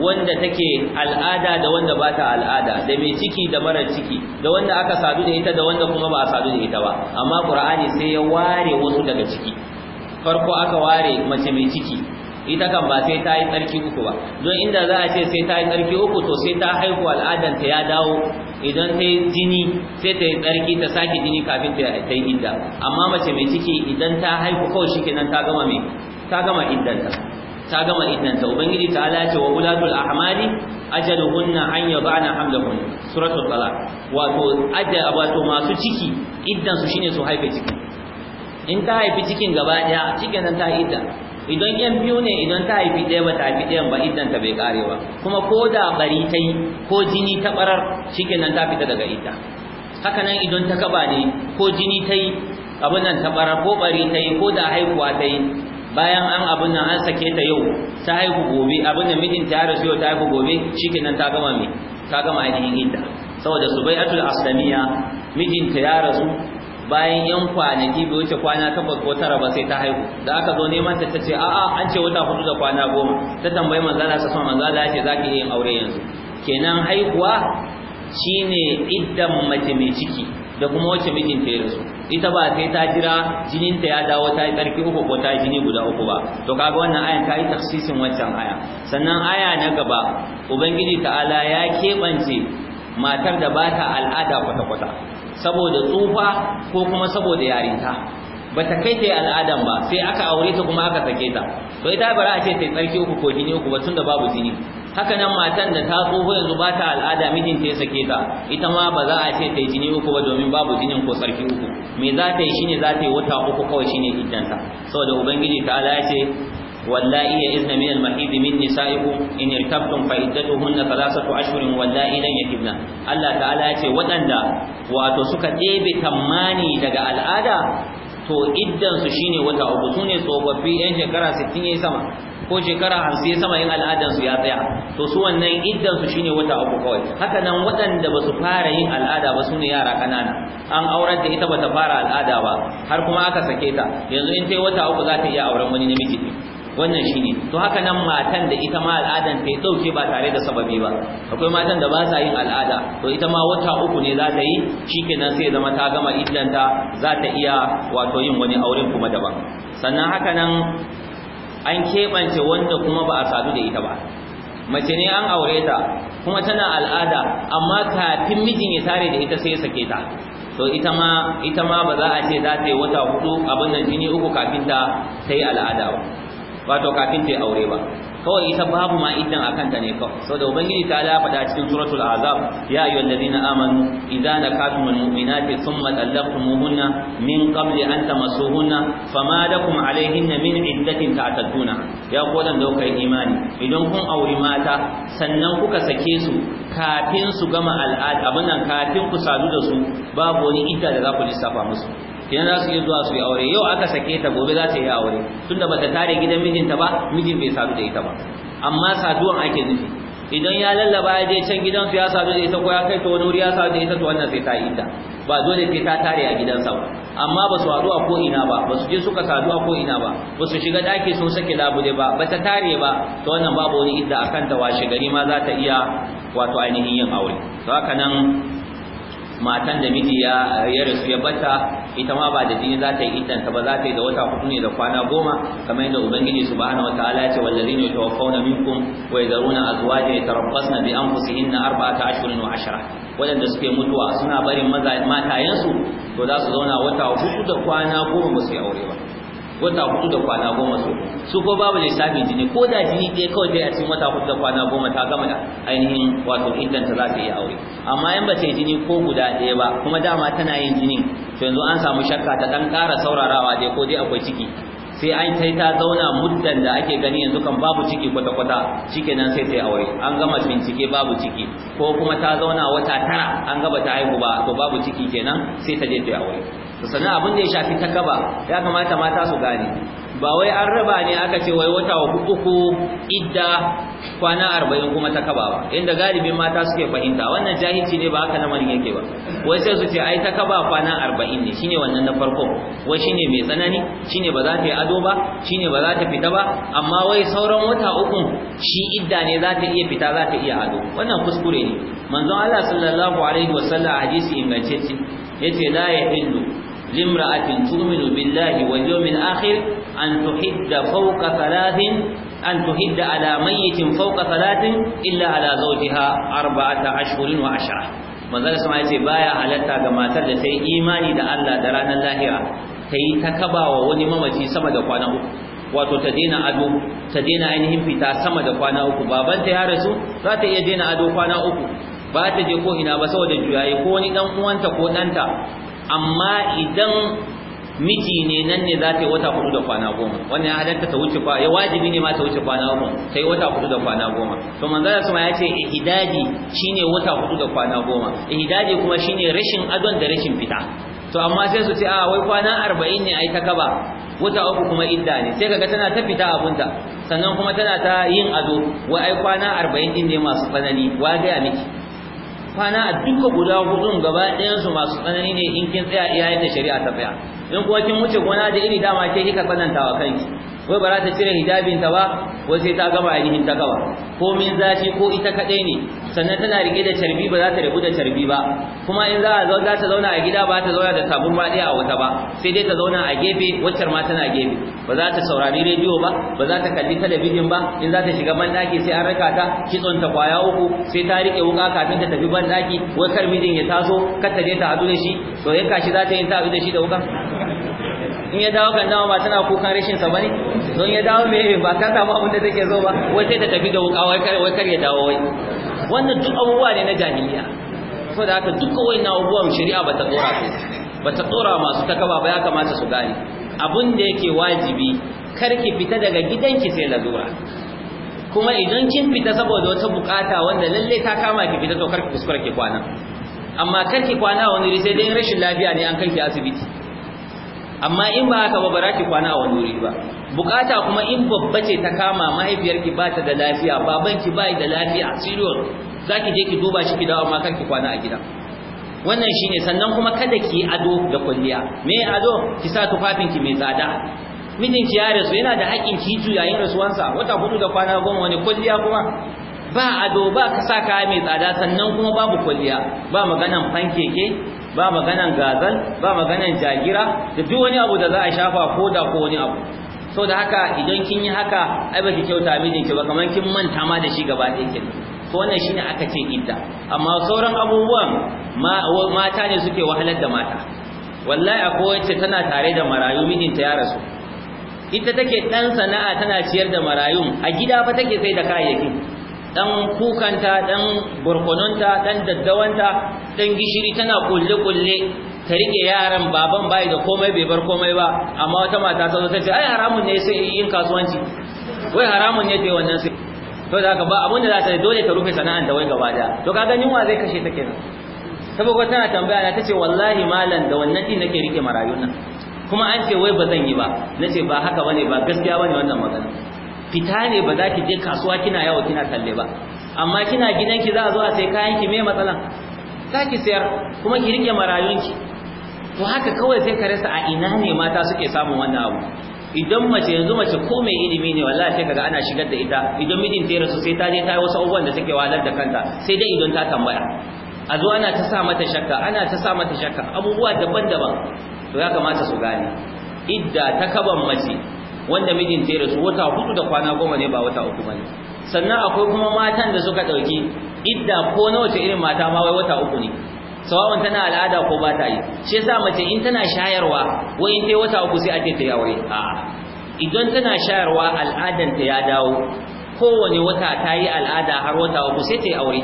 wanda take al'ada da wanda ba ta al'ada da mai ciki da mara ciki da wanda aka sadu da ita da wanda kuma ba a sadu da ita ba amma qur'ani sai ya ware wasu daga ciki farko aka ware mace mai ciki ita kan ba sai ta yi tsarki uku ba don inda za a ce sai ta yi tsarki uku to sai ta haihu al'adanta ya dawo idan ta yi jini sai ta yi tsarki ta sake jini kafin ta yi inda amma mace mai ciki idan ta haihu kawai shi kenan ta gama me ta gama iddanta ta gama iddanta ubangiji ta ala ce wa ulatul ahmadi ajaluhunna an yadana hamdahun suratul talaq wato ajal wato masu ciki iddan su shine su haife ciki in ta haifi cikin gaba daya cikin nan ta idda idan yan biyu ne idan ta haifi ɗaya ba ta haifi ɗayan ba idan ta bai kare ba kuma ko da bari ta yi ko jini ta ɓarar shi kenan ta fita daga ita. haka nan idan ta kaba ne ko jini ta yi abin nan ta ɓarar ko bari ta yi ko da haihuwa ta yi bayan an abin nan an sake ta yau ta haihu gobe abin da mijin ta rasu yau ta haihu gobe kenan ta gama me ta gama ainihin ita saboda subai'atul aslamiya mijinta ya rasu bayan yan kwanaki bai wuce kwana takwas ko tara ba sai ta haihu da aka zo neman ta tace a'a an ce wata hudu da kwana goma ta tambayi manzala sa sama manzala ya ce zaki yin aure yanzu kenan haihuwa shine iddan mace mai ciki da kuma wace mijinta ya rasu ita ba sai ta jira jinin jininta ya dawo ta yi tsarki uku ko ta yi jini guda uku ba to kaga wannan ayan ta yi tafsisin wancan aya sannan aya na gaba ubangiji ta'ala ya keɓance matar da ba ta al'ada kwata-kwata saboda tsufa ko kuma saboda yarinta ba ta kai ta yi al'adan ba sai aka aure ta kuma aka sake ta to ita bara a ce ta tsarki uku ko jini uku ba tun da babu jini haka nan matan da ta tsufa yanzu ba ta al'ada mijin ta ya sake ta ita ma ba za a ce ta yi jini uku ba domin babu jinin ko tsarki uku me za ta yi shine za ta yi wata uku kawai shine iddanta saboda ubangiji ta ala ya ce واللائي يئذن من المحيض من نسائكم إن ارتبتم فعدتهن ثلاثة أشهر واللائي لم يحضن الله تعالى يتي ودندا واتو سكا ديبي تماني daga al'ada, to iddan su shine wata uku sune tsofaffi yan shekara 60 yayi sama ko shekara 50 yayi sama yin al'adan su ya tsaya to su wannan iddan su shine wata uku kawai haka nan waɗanda ba su fara yin al'ada ba sune yara kanana an aurar da ita ba ta fara al'ada ba har kuma aka sake ta yanzu in tai wata uku za ta iya auren wani namiji ne wannan shi ne, to haka nan matan da ita ma al'adan ta dauke ba tare da sababi ba akwai matan da ba sa yin al'ada to ita ma wata uku ne za ta yi shikenan sai zama ta gama iddanta za ta iya wato yin wani auren kuma daban sannan haka nan an keɓance wanda kuma ba a sadu da ita ba mace ne an aure ta kuma tana al'ada amma kafin mijin ya tare da ita sai ya sake ta to ita ma ita ma ba za a ce za ta yi wata hudu abin nan jini uku kafin ta sai al'ada ba wato kafin ta aure ba kawai ita babu ma idan akan ta ne kawai saboda ubangiji ta ala fada cikin suratul azab ya ayyuhal ladina amanu idza sun mu'minati thumma talaqtumuhunna min qabli an tamassuhunna fama lakum alaihinna min iddatin ta'tadduna ya kodan da daukai imani idan kun auri mata sannan kuka sake su kafin su gama al'ada abin nan kafin ku sadu da su babu wani idda da za ku lissafa musu kenan za su yi zuwa su yi aure yau aka sake ta gobe za ta yi aure Tun da bata tare gidan mijinta ba mijin bai sadu da ita ba amma saduwan ake nufi idan ya lallaba ya je can gidan su ya sadu da ita ko ya kai ta wani wuri ya sadu da ita to wannan sai ta yi ta ba dole sai ta tare a gidansa ba amma ba su haɗu a ko ina ba ba su je suka sadu a ko ina ba ba su shiga daki sun sake labule ba ba ta tare ba to wannan babu wani idda akan ta washe gari ma za ta iya wato ainihin yin aure to haka nan matan da miji ya rasu ya bata ita ma ba da jini za ta yi iddanta ba za ta yi da wata hudu ne da kwana goma kamar yadda ubangiji subhanahu wataala ya ce wallazina yatawaffawna minkum wa yadharuna azwajan yatarabbasna bi anfusihinna arba'ata ashhurin wa ashra wadanda suke mutuwa suna barin matayensu to za su zauna wata hudu da kwana goma ba su yi aure ba wata hudu da kwana goma su su ko babu lissafi jini ko da jini ɗaya kawai dai a cikin wata hudu da kwana goma ta gama da ainihin wato iddanta za ta yi aure amma in ba ta jini ko guda ɗaya ba kuma dama tana yin jini to yanzu an samu shakka ta ɗan ƙara saurarawa dai ko dai akwai ciki sai an kai ta zauna muddan da ake gani yanzu kan babu ciki kwata-kwata nan sai ta yi aure an gama bincike babu ciki ko kuma ta zauna wata tara an gaba ta haihu ba to babu ciki kenan sai ta je ta yi aure sannan abin da ya shafi ta kaba ya kamata mata su gane ba wai an raba ne aka ce wai wata uku idda kwana arba'in kuma ta kaba ba inda galibin mata suke fahimta wannan jahilci ne ba haka lamarin yake ba wai sai su ce ai ta kaba kwana arba'in ne shine wannan na farko wai shine mai tsanani shine ba za ta yi ado ba shine ba za ta fita ba amma wai sauran wata uku shi idda ne za ta iya fita za ta iya ado wannan kuskure ne manzon Allah sallallahu alaihi wasallam hadisi ingantacce yace la yahillu limra'atin tu'minu billahi wal yawmil akhir an tuhidda fawqa thalathin an tuhidda ala mayyitin fawqa thalathin illa ala zawjiha arba'ata ashhurin wa sama yace baya halatta ga matar da ta yi imani da Allah da ranar lahira ta yi ta kabawa wani mamaci sama da kwana uku wato ta daina ado ta daina ainihin fita sama da kwana uku babanta ya rasu za ta iya daina ado kwana uku ba ta je ko ina ba saboda juyaye ko wani dan uwanta ko danta amma idan miji ne nan ne za ta yi wata hudu da kwana goma wannan ya halatta ta wuce kwana. ya wajibi ne ma ta wuce kwana goma ta yi wata hudu da kwana goma to manzo da suma ya ce ihdadi shine wata hudu da kwana goma ihdadi kuma shine rashin adon da rashin fita to amma sai su ce a wai kwana 40 ne ai ta kaba wata uku kuma idda ne sai kaga tana ta fita abunta sannan kuma tana ta yin ado wai ai kwana 40 din ne masu tsanani wa ga miki kwana duka guda hudun gaba ɗayansu masu tsanani ne in kin tsaya iya da shari'a ta tsaya in kuwa kin wuce gona da iri dama ke kika tsananta kanki wai ba za ta cire hijabinta ba wai sai ta gama ainihin ta gaba ko min zafi ko ita kaɗai ne sannan tana rike da carbi ba za ta rabu da carbi ba kuma in za a za ta zauna a gida ba ta zauna da sabon ba a wata ba sai dai ta zauna a gefe waccar ma tana gefe ba za ta saurari rediyo ba ba za ta kalli talabijin ba in za ta shiga banɗaki sai an raka ta kitson ta kwaya uku sai ta rike wuka kafin ta tafi banɗaki wai kar mijin ya taso kar ta je ta haɗu da shi to yanka shi za ta yi ta hadu da shi da wuka in ya dawo kan dama ba tana kukan rashin sa bane don ya dawo me ba ta samu abin da take so ba wai sai ta tafi da wuka wai kar wai kar ya dawo wai wannan duk abubuwa ne na jahiliya saboda haka wai na abubuwan shari'a ba ta dora su ba ta dora masu takaba ba ya kamata su gane abin da yake wajibi kar ki fita daga gidanki sai lalura kuma idan kin fita saboda wata bukata wanda lalle ta kama ki fita to kar ki kuskura ki kwana amma kar ki kwana wani sai dai rashin lafiya ne an kai ki asibiti amma in ba haka ba ba ki kwana a wani wuri ba bukata kuma in babba ce ta kama mahaifiyarki ba ta da lafiya babanki ba da lafiya serious zaki je ki duba shi ki dawo amma ki kwana a gida wannan shine sannan kuma kada ki ado da kulliya me ado ki sa tufafin ki mai tsada mijinki ya rasu yana da haƙin ki yayin rasuwansa wata hudu da kwana goma wani kulliya kuma ba ado ba ka sa kaya mai tsada sannan kuma babu kulliya ba maganan fankeke ba maganan gazal ba maganan jagira da duk wani abu da za a shafa ko da ko wani abu so da haka idan kin yi haka ai baki kyauta mijinki ba kamar kin manta ma da shi gaba ɗaya kin to wannan shine aka ce idda amma sauran abubuwan mata ne suke wahalar da mata wallahi akwai wacce tana tare da marayu mijinta ya rasu ita take dan sana'a tana ciyar da marayun a gida fa take sai da kayayyaki. dan kukanta dan burkununta dan daddawanta dan gishiri tana kulle kulle ta rike yaran baban bai da komai bai bar komai ba amma wata mata ta zo ta ce ai haramun ne sai yin kasuwanci wai haramun ne ta yi wannan sai to da haka ba abun da za ta dole ta rufe sana'an da wai gaba da to kaga wa zai kashe ta kenan saboda tana tambaya na tace wallahi malam da wannan din nake rike marayun nan kuma an ce wai ba zan yi ba nace ba haka bane ba gaskiya bane wannan magana fita ne ba za ki je kasuwa kina yawo kina kalle ba amma kina gidan ki za a zo a sai kayan ki me matsalan za ki sayar kuma ki rike marayunki to haka kawai sai ka rasa a ina ne mata suke samun wannan abu idan mace yanzu mace ko mai ilimi ne wallahi sai kaga ana shigar da ita idan mijin ta rasu sai ta je ta yi wasu abubuwan da take walar da kanta sai dai idan ta tambaya a zo ana ta sa mata shakka ana ta sa mata shakka abubuwa daban-daban to ya kamata su gane idda ta kaban mace wanda mijin ta rasu wata hudu da kwana goma ne ba wata uku ba ne sannan akwai kuma matan da suka ɗauki idda ko na wace irin mata ma wai wata uku ne sawawan tana al'ada ko ba ta yi shi yasa mace in tana shayarwa wai in dai wata uku sai a ta ya wai a'a idan tana shayarwa al'adan ta ya dawo kowane wata ta yi al'ada har wata uku sai ta yi aure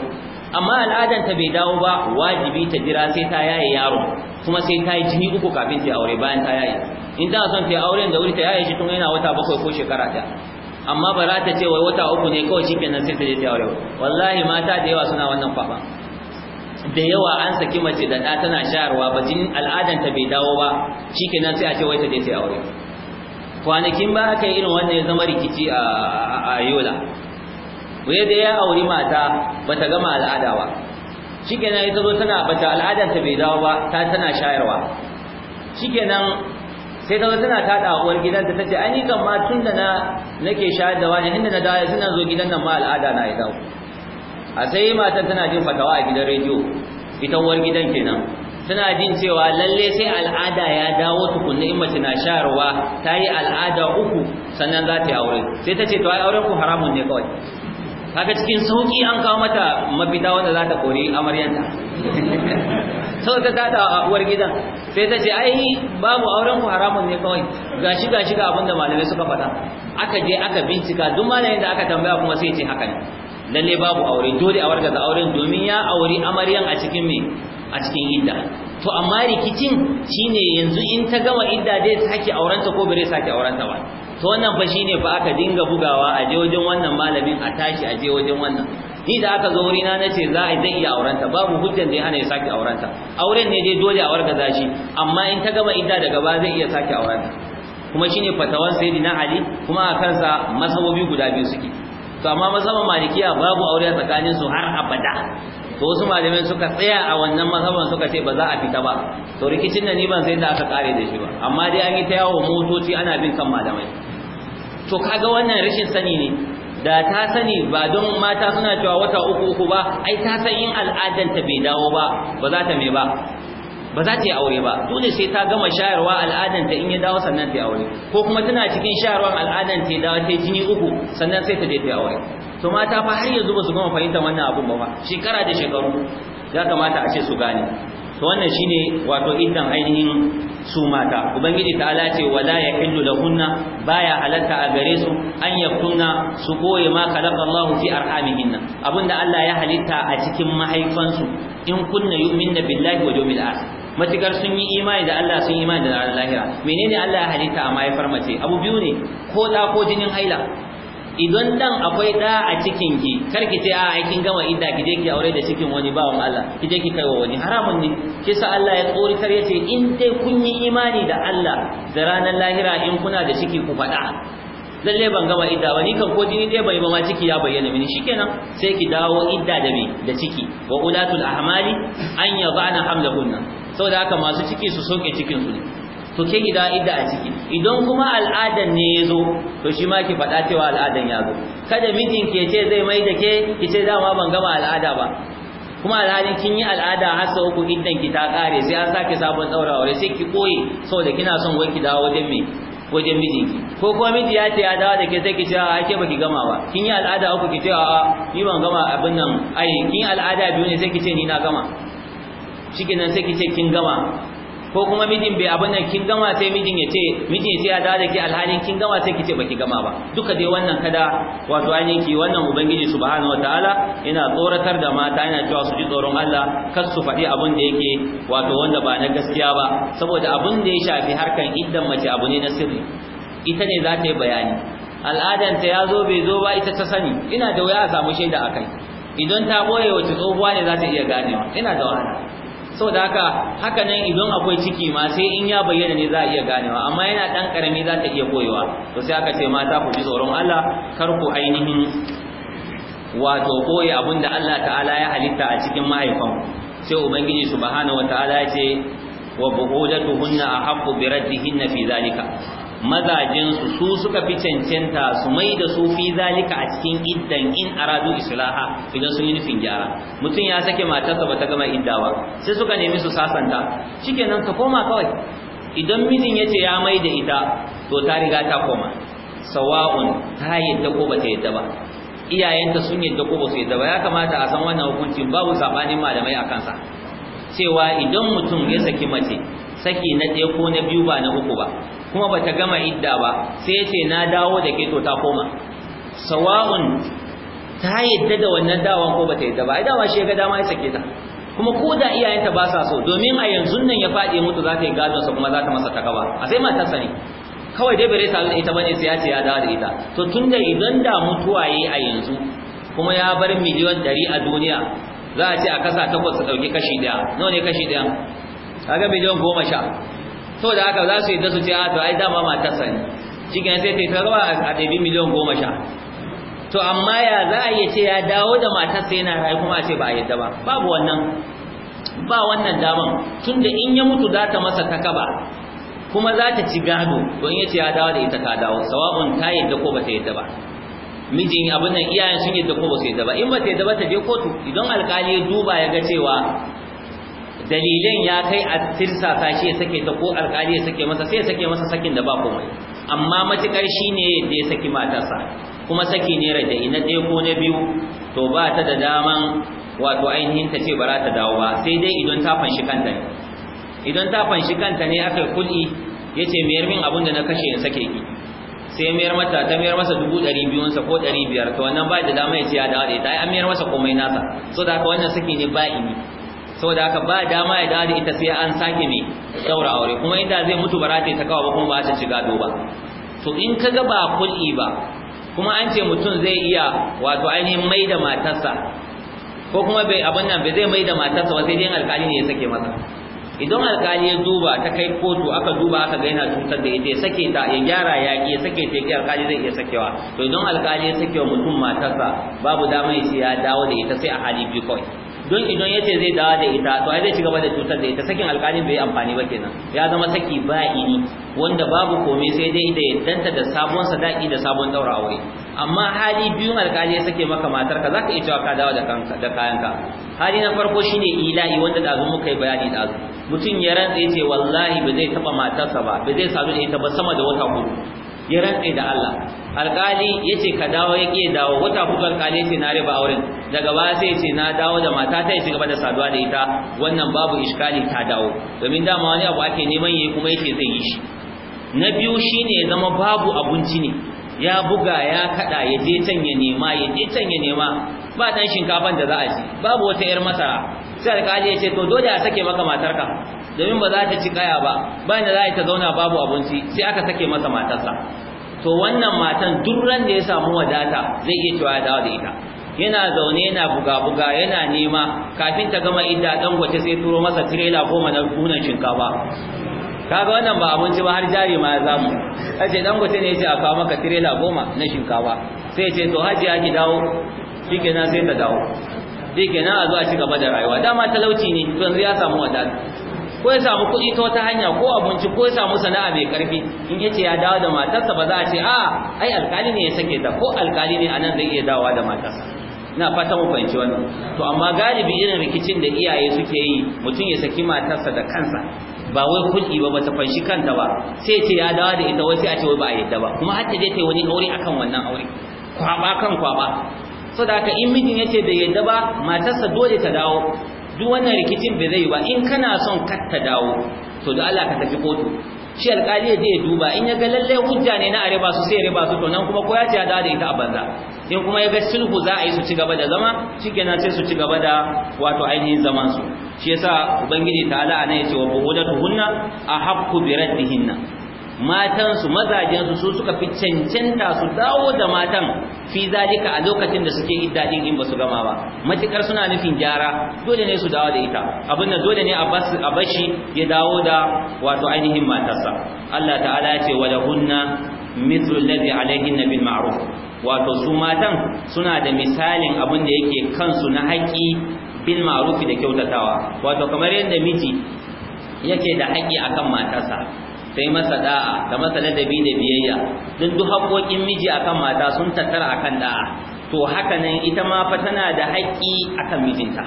amma al'adanta bai dawo ba wajibi ta jira sai ta yaye yaro kuma sai ta yi jini uku kafin ta aure bayan ta yaye in ta son ta aure da wuri ta yaye shi tun yana wata bakwai ko shekara ta amma ba za ta ce wai wata uku ne kawai kenan sai ta je ta aure wallahi mata da yawa suna wannan fafa da yawa an saki mace da ɗa tana shayarwa ba jinin al'adanta bai dawo ba kenan sai a ce wai ta je ta aure kwanakin ba aka yi irin wannan ya zama rikici a yola waye da ya auri mata bata gama al'ada ba shikenan ita zo tana bata al'adar ta bai dawo ba ta tana shayarwa shikenan sai ta zo tana tada uwar gidanta tace ai ni kan ma tunda na nake shayar da wani inda na dawo suna zo gidan nan ma al'ada na ya dawo a sai matan tana jin fatawa a gidan rediyo ita uwar gidan kenan tana jin cewa lalle sai al'ada ya dawo tukunna in mace na shayarwa ta yi al'ada uku sannan za ta yi aure sai ta ce to ai auren ku haramun ne kawai kaga cikin sauki an kawo mata mafita wanda za ta kori amaryanta sau ta tata a uwar gidan sai ta ce ai babu auren ku haramun ne kawai Ga shiga ga abinda malamai suka faɗa aka je aka bincika duk malamai da aka tambaya kuma sai ce haka ne lalle babu aure dole a da auren domin ya auri amaryan a cikin me a cikin idda to amma rikicin shine yanzu in ta gama idda dai sake aurenta ko bare sake aurenta ba to wannan fa shine fa aka dinga bugawa a je wajen wannan malamin a tashi a je wajen wannan ni da aka zo wurina na ce za a zai iya aurenta babu hujjan da ya hana ya sake aurenta auren ne dai dole a wargaza shi amma in ta gama idda daga ba zai iya sake aurenta kuma shine fatawan sayyidina ali kuma a kansa masabobi guda biyu suke to amma masaban malikiya babu aure tsakanin su har abada to wasu malamin suka tsaya a wannan masaban suka ce ba za a fita ba to rikicin nan ni ban sai da aka kare da shi ba amma dai an yi ta yawo motoci ana bin kan malamai to kaga wannan rashin sani ne da ta sani ba don mata suna cewa wata uku uku ba ai ta san in al'adanta bai dawo ba ba za ta me ba ba za ta yi aure ba dole sai ta gama shayarwa ta in ya dawo sannan ta yi aure ko kuma tana cikin shayarwan ta ya dawo ta jini uku sannan sai ta je ta yi aure to mata fa har yanzu ba su gama fahimtar wannan abun ba ba. shekara da shekaru ya kamata a ce su gane to wannan shine wato idan ainihin su mata ubangiji ta'ala ce wala yahillu lahunna baya halatta a gare su an yakunna su koye ma khalaqallahu fi arhamihinna abinda Allah ya halitta a cikin mahaifansu in kunna yu'minna billahi wa yawmil akhir matukar sun yi imani da Allah sun yi imani da lahira menene Allah ya halitta a mahaifar mace abu biyu ne ko da ko jinin haila idan dan akwai da a cikin ki kar ki ce a aikin gama idda ki je ki aure da cikin wani bawan Allah ki je ki kaiwa wani haramun ne ki sa Allah ya tsori kar yace in dai kun yi imani da Allah da ranar lahira in kuna da ciki ku faɗa lalle ban gama idda ba ni kan ko jini dai bai ba ma ciki ya bayyana mini shikenan sai ki dawo idda da me da ciki wa ulatul ahmali an yadana hamlahunna saboda haka masu ciki su soke cikin su to ke gida idda a ciki idan kuma al'adan ne ya zo to shi ma ki fada cewa al'adan ya zo kada mijin ke ce zai mai da ke ki ce dama ban gama al'ada ba kuma al'adin kin yi al'ada har sau uku iddan ki ta kare sai an sake sabon daura aure sai ki koyi saboda kina son wai ki dawo wajen me wajen mijinki ko kuma miji ya ce ya dawo da ke sai ki ce a ke baki gama ba kin yi al'ada uku ki ce a ni ban gama abin nan ai kin al'ada biyu ne sai ki ce ni na gama shikenan sai ki ce kin gama ko kuma mijin bai abin nan kin gama sai mijin ya ce mijin sai ya dawo da ke alhalin kin gama sai ki ce baki gama ba duka dai wannan kada wato yi ki wannan ubangiji subhanahu wataala ina tsoratar da mata ina cewa su ji tsoron Allah kar su faɗi abin da yake wato wanda ba na gaskiya ba saboda abin da ya shafi harkan iddan mace abu ne na sirri ita ne za ta yi bayani ta ya zo bai zo ba ita ta sani ina da wuya a samu shaida akai idan ta boye wace tsohuwa ne za ta iya ganewa ina da wahala da haka haka nan idan akwai ciki ma sai in ya bayyana ne za a iya ganewa amma yana dan karami za ta iya koyewa to sai aka ce mata ku ji tsoron Allah kar ku ainihin wato koyi abinda Allah ta'ala ya halitta a cikin mahaifan sai ubangiji subhanahu wataala ya ce wa buhudatuhunna ahaqqu bi raddihinna fi zalika mazajinsu su suka fi cancanta su mai da su fi zalika a cikin iddan in aradu islaha idan sun yi nufin gyara mutum ya sake matarsa bata gama iddawa sai suka nemi su sasanta nan ka koma kawai idan mijin ya ce ya mai da ita to ta riga ta koma sawa'un ta yadda ko bata yadda ba iyayenta sun yadda ko basu yadda ba ya kamata a san wannan hukuncin babu sabanin malamai a kansa cewa idan mutum ya saki mace saki na ɗaya ko na biyu ba na uku ba kuma bata gama idda ba sai ya ce na dawo da ke to ta koma sawa'un ta yadda da wannan dawan ko bata yadda ba ai dama shi ga dama ya sake ta kuma ko da iyayenta ba sa so domin a yanzu nan ya faɗi mutu za ta yi gadon sa kuma za ta masa takaba a sai matarsa ne kawai dai bare ta ita bane sai ya ce ya dawo da ita to tunda idan da mutuwa yi a yanzu kuma ya bar miliyan ɗari a duniya za a ce a kasa takwas su ɗauki kashi ɗaya nawa ne kashi ɗaya kaga miliyan goma sha da haka za su yi da su ce a ah, to ai dama ma ne sani cikin sai ta tarwa ta rawa a ɗabi miliyan goma sha to amma ya za a iya ce ya dawo da matarsa yana rayu kuma a ce ba a yadda ba babu wannan ba wannan daman tunda in ya mutu za ta masa takaba kuma za ta ci gado in ya ce ya dawo da ita ka dawo sawa'un ta yadda ko ba ta yadda ba mijin abin nan iyayen sun yadda ko ba su yadda ba in ba ta yadda ba ta je kotu idan alkali ya duba ya ga cewa dalilan ya kai a tirsasa shi ya sake ta ko alkali ya sake masa sai ya sake masa sakin da ba komai amma matukar shine da ya saki matarsa kuma saki ne da ina ɗaya ko na biyu to ba ta da daman wato ainihin ta ce ba za ta dawo ba sai dai idan ta fanshi kanta ne idan ta fanshi kanta ne aka ya ce mayar min abin da na kashe ya sake ki sai mayar mata ta mayar masa dubu ɗari biyun sa ko ɗari biyar to wannan ba da dama ya ce ya dawo da ita ai an mayar masa komai nasa so da haka wannan saki ne ba ini saboda haka ba dama ya dawo da ita sai an sake mai daura aure kuma inda zai mutu ba rataye ta kawo ba kuma ba ta ci gado ba to in ka ga ba kulli ba kuma an ce mutum zai iya wato ainihin mai da matarsa ko kuma bai abin nan bai zai mai da matarsa ba sai dai alkali ne ya sake masa idan alkali ya duba ta kai kotu aka duba aka ga yana cutar da ita ya sake ta ya gyara yaƙi ya sake ta ya alkali zai iya sakewa to idan alkali ya sakewa mutum matarsa babu damar ya ce ya dawo da ita sai a hali biyu kawai don idan yace zai dawo da ita to ai zai ci gaba da cutar da ita sakin alƙalin bai amfani ba kenan ya zama saki ba ini wanda babu komai sai dai da danta da sabon sadaki da sabon daura aure amma hali biyun alƙali ya sake maka matarka zaka iya cewa ka dawo da kanka da kayanka hali na farko shine ila'i wanda da muka yi bayani da mutum ya rantsa yace wallahi ba zai taba matarsa ba ba zai sadu da ita ba sama da wata hudu ya rantse da Allah alkali yace ka dawo ya ke dawo wata kuka alkali yace na riba auren daga baya sai yace na dawo da mata ta yace gaba da saduwa da ita wannan babu iskali ta dawo domin dama wani abu ake neman yi kuma yace zai yi shi na biyu shine ya zama babu abinci ne ya buga ya kada ya je can ya nema ya je can ya nema ba dan shinkafan da za a ci babu wata yar masara sai alƙali ya ce to dole a sake maka matarka domin ba za ta ci kaya ba bayan da za ta zauna babu abinci sai aka sake masa matarsa to wannan matan duk ran da ya samu wadata zai iya cewa ya dawo da ita yana zaune yana buga-buga yana nema kafin ta gama idda dangote sai turo masa tirela goma na bunan shinkafa kaga wannan ba abinci ba har jari ma ya zamu dan dangote ne yace a kawo maka tirela goma na shinkafa sai ya ce to haji ya ki dawo shikenan sai ta dawo zai azu a zuwa ci gaba da rayuwa dama talauci ne to yanzu ya samu wadata ko ya samu kuɗi ta wata hanya ko abinci ko ya samu sana'a mai karfi in ya ce ya dawo da matarsa ba za a ce a ai alkali ne ya sake ta ko alkali ne anan zai iya dawowa da matarsa ina fata mu fahimci wannan to amma galibi irin rikicin da iyaye suke yi mutum ya saki matarsa da kansa ba wai kuɗi ba bata fanshi kanta ba sai ce ya dawo da ita wai sai a ce wai ba a yadda ba kuma har ta je ta wani aure akan wannan aure kwaba kan kwaba so da in mijin yace bai yadda ba matarsa dole ta dawo duk wannan rikicin bai zai ba in kana son kar ta dawo to da Allah ka tafi kotu shi alƙali ya je ya duba in ya ga lalle hujja ne na areba su sai riba su to nan kuma ko ya ce ya da ita a banza in kuma ya ga sulhu za a yi su ci gaba da zama shikenan sai su ci gaba da wato ainihin zaman su shi yasa ubangiji ta'ala ana yace wa buhudatuhunna ahaqqu bi raddihinna matansu mazajensu su suka fi cancanta su dawo da matan fi zalika a lokacin da suke iddadin in ba su gama ba matukar suna nufin gyara dole ne su dawo da ita abin da dole ne a bashi ya dawo da wato ainihin matarsa Allah ta'ala ya ce wa lahunna mithlu alladhi alayhi nabil ma'ruf wato su matan suna da misalin abin da yake kansu na haƙi bil ma'ruf da kyautatawa wato kamar yadda miji yake da haƙi akan matarsa sai masa da'a da masa ladabi da biyayya duk duk haƙoƙin miji akan mata sun tattara akan da'a to haka nan ita ma fa tana da haƙƙi akan mijinta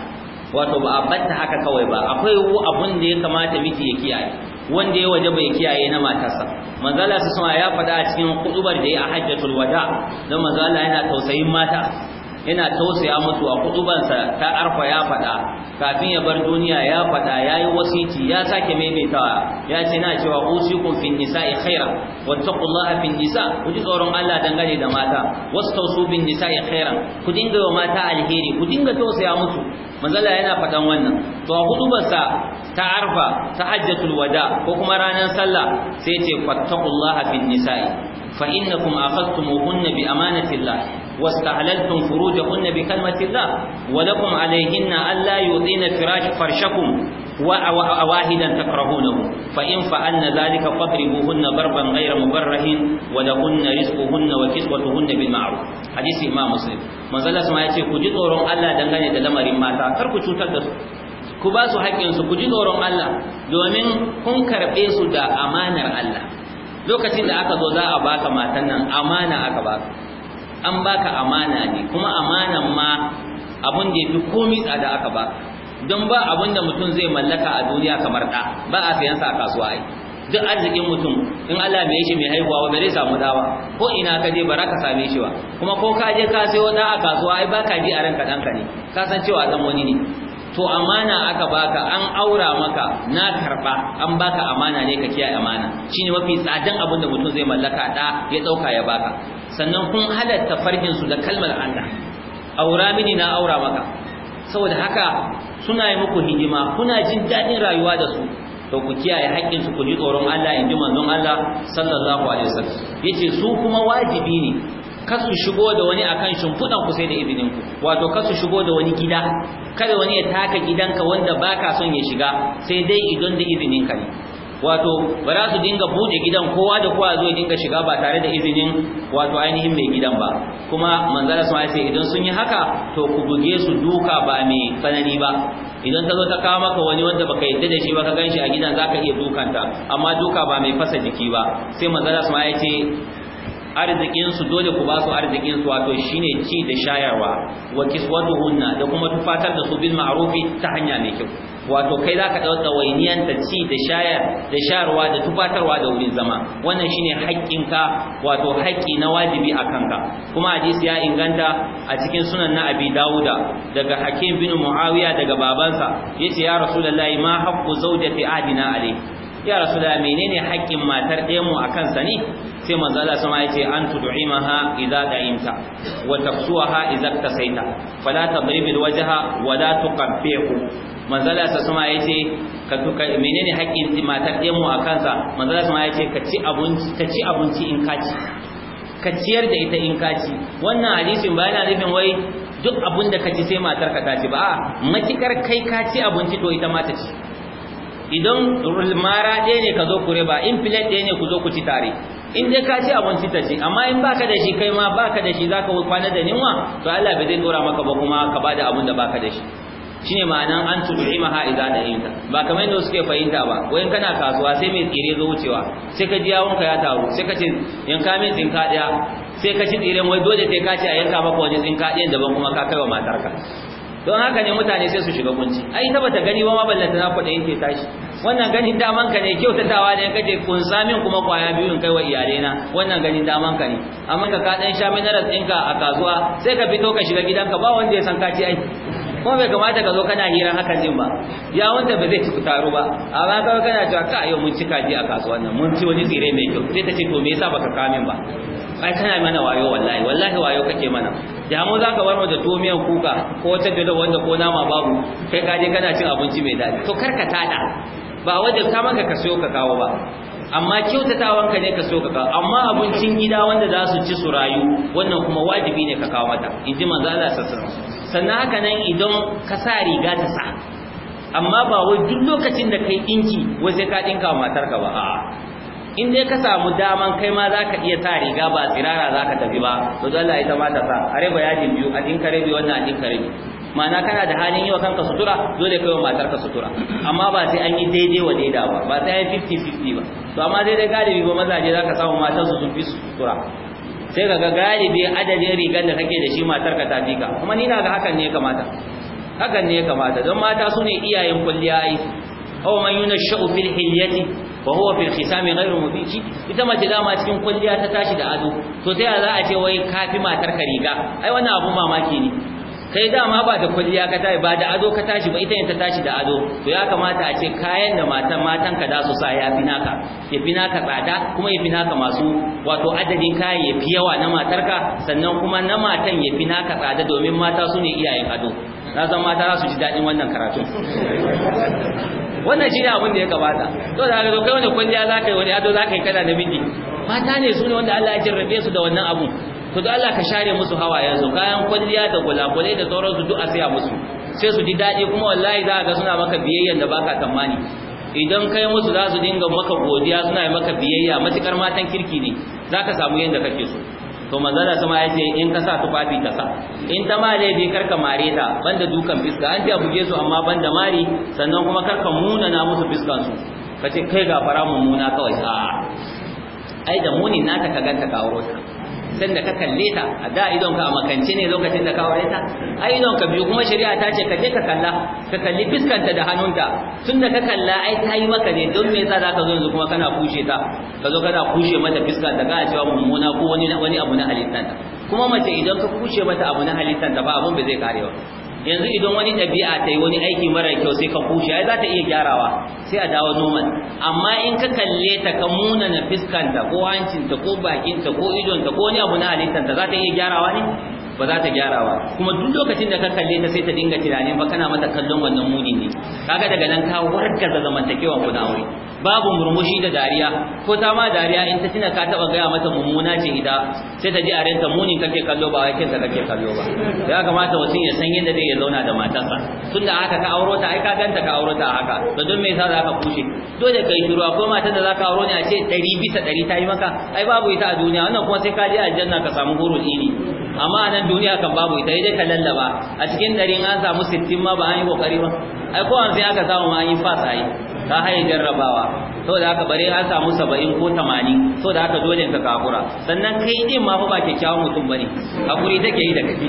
wato ba a batta haka kawai ba akwai abun da ya kamata miji ya kiyaye wanda ya waje bai kiyaye na matarsa manzala su ya faɗa a cikin hudubar da ya hajjatul wada don manzala yana tausayin mata yana tausaya mutu a kutubansa ta arfa ya faɗa kafin ya bar duniya ya faɗa ya yi wasiti ya sake maimaitawa ya ce na cewa usikum fin nisa'i khaira wattaqullaha fin nisa ku ji tsoron Allah dangane da mata wastausu bin nisa'i khairan ku dinga wa mata alheri ku dinga tausaya mutu manzala yana faɗan wannan to a kutubarsa ta arfa ta hajjatul wada ko kuma ranar sallah sai ce fattaqullaha fin nisa'i fa innakum akhadtumuhunna bi amanatillah واستحللتم فروجهن بكلمة الله ولكم عليهن ألا يؤذين فراش فرشكم واحدا تكرهونه فإن فعلن ذلك فاضربوهن ضربا غير مبره ولهن رزقهن وكسوتهن بالمعروف حديث إمام مسلم من ذا لسما يتي كجي تورون الله دنگane da lamarin mata kar ku cutar da su ku ba su haƙƙinsu ku ji tsoron Allah domin kun karɓe su da amanar Allah lokacin da aka zo za a baka matan nan amana aka baka an baka amana ne kuma amanan ma abun da yafi komai tsada aka baka don ba abun da mutum zai mallaka a duniya kamar da ba a sayan sa a kasuwa ai duk arzikin mutum in Allah mai shi mai haihuwa ba zai samu dawa, ko ina ka je ba ka same shi ba kuma ko ka je ka sayo da a kasuwa ai ba ka ji a ranka danka ne ka san cewa dan wani ne to amana aka baka an aura maka na karba an baka amana ne ka kiyaye amana shine mafi tsadan abin da mutum zai mallaka da ya dauka ya baka sannan kun halatta farkin su da kalmar Allah aura mini na aura maka saboda haka suna yi muku hidima kuna jin dadin rayuwa da su to ku kiyaye haƙƙin su ku ji tsoron Allah in ji manzon Allah sallallahu alaihi wasallam yace su kuma wajibi ne kasu shigo da wani akan shimfudan ku sai da izinin ku wato kasu shigo da wani gida kada wani ya taka gidanka wanda baka son ya shiga sai dai idan da izinin ka ne wato ba za su dinga buɗe gidan kowa da kowa zo dinga shiga ba tare da izinin wato ainihin mai gidan ba kuma manzala sun ce idan sun yi haka to ku buge su duka ba mai tsanani ba idan ta zo ta kawo maka wani wanda baka yadda da shi ba ka ganshi a gidan zaka iya dukanta amma duka ba mai fasa jiki ba sai manzala sun ce arzikinsu dole ku ba su arzikinsu wato shine ci da shayarwa wa kiswatuhunna da kuma tufatar da su bil ma'rufi ta hanya mai kyau wato kai zaka dau tsawainiyan ta ci da shayar da shayarwa da tufatarwa da wurin zama wannan shine haƙƙinka wato haƙƙi na wajibi a kanka kuma hadisi ya inganta a cikin sunan na Abi Dawuda daga Hakim bin Muawiya daga babansa yace ya Rasulullahi ma haqqu zawjati adina alayhi ya rasu menene haƙƙin matar ɗayanmu a kansa ne sai manzo Allah sama yace an tud'imaha idza da'imta wa tafsuha idza tasaita fala tadrib alwajha wa la tuqabbihu manzo Allah sama yace ka tuka menene haƙin matar ɗayan mu akan sa manzo Allah sama yace ka ci ka ci abinci in kaci. ka ciyar da ita in kaci. wannan hadisin ba yana nufin wai duk abin da ka ci sai matar ka ta ci ba a matikar kai ka ci abinci to ita ma ta ci idan mara ɗaya ne ka zo ku riba in filet ɗaya ne ku zo ku ci tare in dai ka ci abinci ta ce amma in baka da shi kai ma baka da shi zaka kwana da ninwa to Allah bai zai dora maka ba kuma ka bada abun da baka da shi shine ma'anan an tud'imaha idza da'imta ba kamar yadda suke fahimta ba Wai kana kasuwa sai mai tsire zo wucewa sai ka ji yawon ya taru sai ka ce yanka min tsinka daya sai ka ci tsiren wai dole sai ka ci a yanka maka wani tsinka ɗayan daban kuma ka kai wa matarka don haka ne mutane sai su shiga kunci ai ta bata gani ba ma ballanta na kuɗin ke tashi wannan ganin daman ka ne kyautatawa ne kace kun samin kuma kwaya biyun kai wa na wannan ganin daman ka ne amma ka ka dan sha minaras ɗinka a kasuwa sai ka fito ka shiga gidanka ba wanda ya san ka ci ai kuma bai kamata ka zo kana hira haka din ba ya wanda ba zai ci taro ba amma kawai kana cewa ka yau mun ci kaji a kasuwan nan mun ci wani tsire mai kyau sai ta ce to me yasa baka kamin ba ai kana mana wayo wallahi wallahi wayo kake mana da mu zaka bar mu da tuwo miyan kuka ko wata jalo wanda ko nama babu kai ka je kana cin abinci mai daɗi to karka tada ba wajen ta maka ka siyo ka kawo ba amma kyautatawanka ne ka so ka kawo amma abincin gida wanda za su ci su rayu wannan kuma wajibi ne ka kawo mata in ji manzo Allah sallallahu sannan haka nan idan ka sa riga ta sa amma ba wai duk lokacin da kai dinki wai sai ka dinka wa matarka ba a'a in dai ka samu daman kai ma za ka iya sa riga ba tsirara za ka tafi ba to dole ita ma ta sa a raba yajin biyu a dinka rabi wannan a dinka rabi ma'ana kana da halin yi wa kanka sutura dole kai wa matarka sutura amma ba sai an yi daidai wa daida ba ba sai an yi 50-50 ba to amma daidai galibi ba mazaje za ka samu matar su fi sutura sai ga galibi adadin rigar da kake da shi matarka ta fi ka kuma ni na ga hakan ne ya kamata hakan ne ya kamata don mata su ne iyayen kulliya ai aw man yunashu fil hilyati wa huwa fil khisami ghayru mubiji ita mace dama cikin kulliya ta tashi da ado to sai za a ce wai kafi matar ka riga ai wannan abun mamaki ne kai dama ba da kulliya ka tashi ba da ado ka tashi ba ita ne ta tashi da ado to ya kamata a ce kayan da matan matan ka da su sa ya fina ka ya fina ka tsada kuma ya fina ka masu wato adadin kayan ya fi yawa na matarka sannan kuma na matan ya fina ka tsada domin mata su ne iyayen ado na zan mata za su ji daɗin wannan karatu. wannan shi ne abin da ya kamata to da zo kai wani kwalliya za ka yi wani ado za ka yi kana namiji mata ne su ne wanda Allah ya jarrabe su da wannan abu. to da Allah ka share musu hawa yanzu, kayan kwalliya da gulagulai da tsoron su duk a siya musu sai su ji daɗi kuma wallahi za ga suna maka biyayya da baka tsammani idan kai musu za su dinga maka godiya suna yi maka biyayya matukar matan kirki ne Za ka samu yadda kake so to manzala sama ya ce in ka sa tufafi ka sa in ta male laifi karka mare ta banda dukan fiska an ta buge su amma banda mari sannan kuma karka muna na musu fiskan su kace kai ga fara mummuna kawai a ai da muni naka ka ganta ka aure ta sanda ka kalle ta a da idon ka a makance ne lokacin da ka aure ta a idon ka biyu kuma shari'a ta ce ka je ka kalla ka kalli fiskanta da hannunta tunda ka kalla ai ta yi maka ne don me yasa ka zo yanzu kuma kana kushe ta ka zo kana kushe mata fiskar ka cewa mummuna ko wani abu na halittanta kuma mace idan ka kushe mata abu na halittanta ba abun ba zai karewa yanzu idan wani ɗabi'a ta yi wani aiki mara kyau sai ka kushe ai za ta iya gyarawa sai a dawo normal amma in ka kalle ta ka muna na fiskanta ko hancinta ko bakinta ko idonta ko wani abu na halittanta za ta iya gyarawa ne ba za ta gyarawa kuma duk lokacin da ka kalle ta sai ta dinga tunanin ba kana mata kallon wannan muni ne kaga daga nan ka da zamantakewa ku na aure babu murmushi da dariya ko ta ma dariya in ta tuna ka taba gaya mata mummuna ce ita sai ta ji a ranta munin kake kallo ba wai kinsa kake kallo ba ya kamata mutum ya san yadda zai ya zauna da matarsa da haka ka auro ta ai ka ganta ka auro ta haka to don me yasa za ka kushe dole kai shiru akwai matar da za ka auro ne a ce 100 bisa ɗari ta yi maka ai babu ita a duniya wannan kuma sai ka je aljanna ka samu huru ini amma a nan duniya kan babu ita dai ka lallaba a cikin ɗarin an samu sittin ma ba an yi kokari ba ai ko an sai aka samu ma an yi fasa ka haye jarrabawa saboda haka bare an samu 70 ko 80 saboda haka dole ka kakura sannan kai din ma fa ba kyakkyawan mutum bane hakuri take yi da kake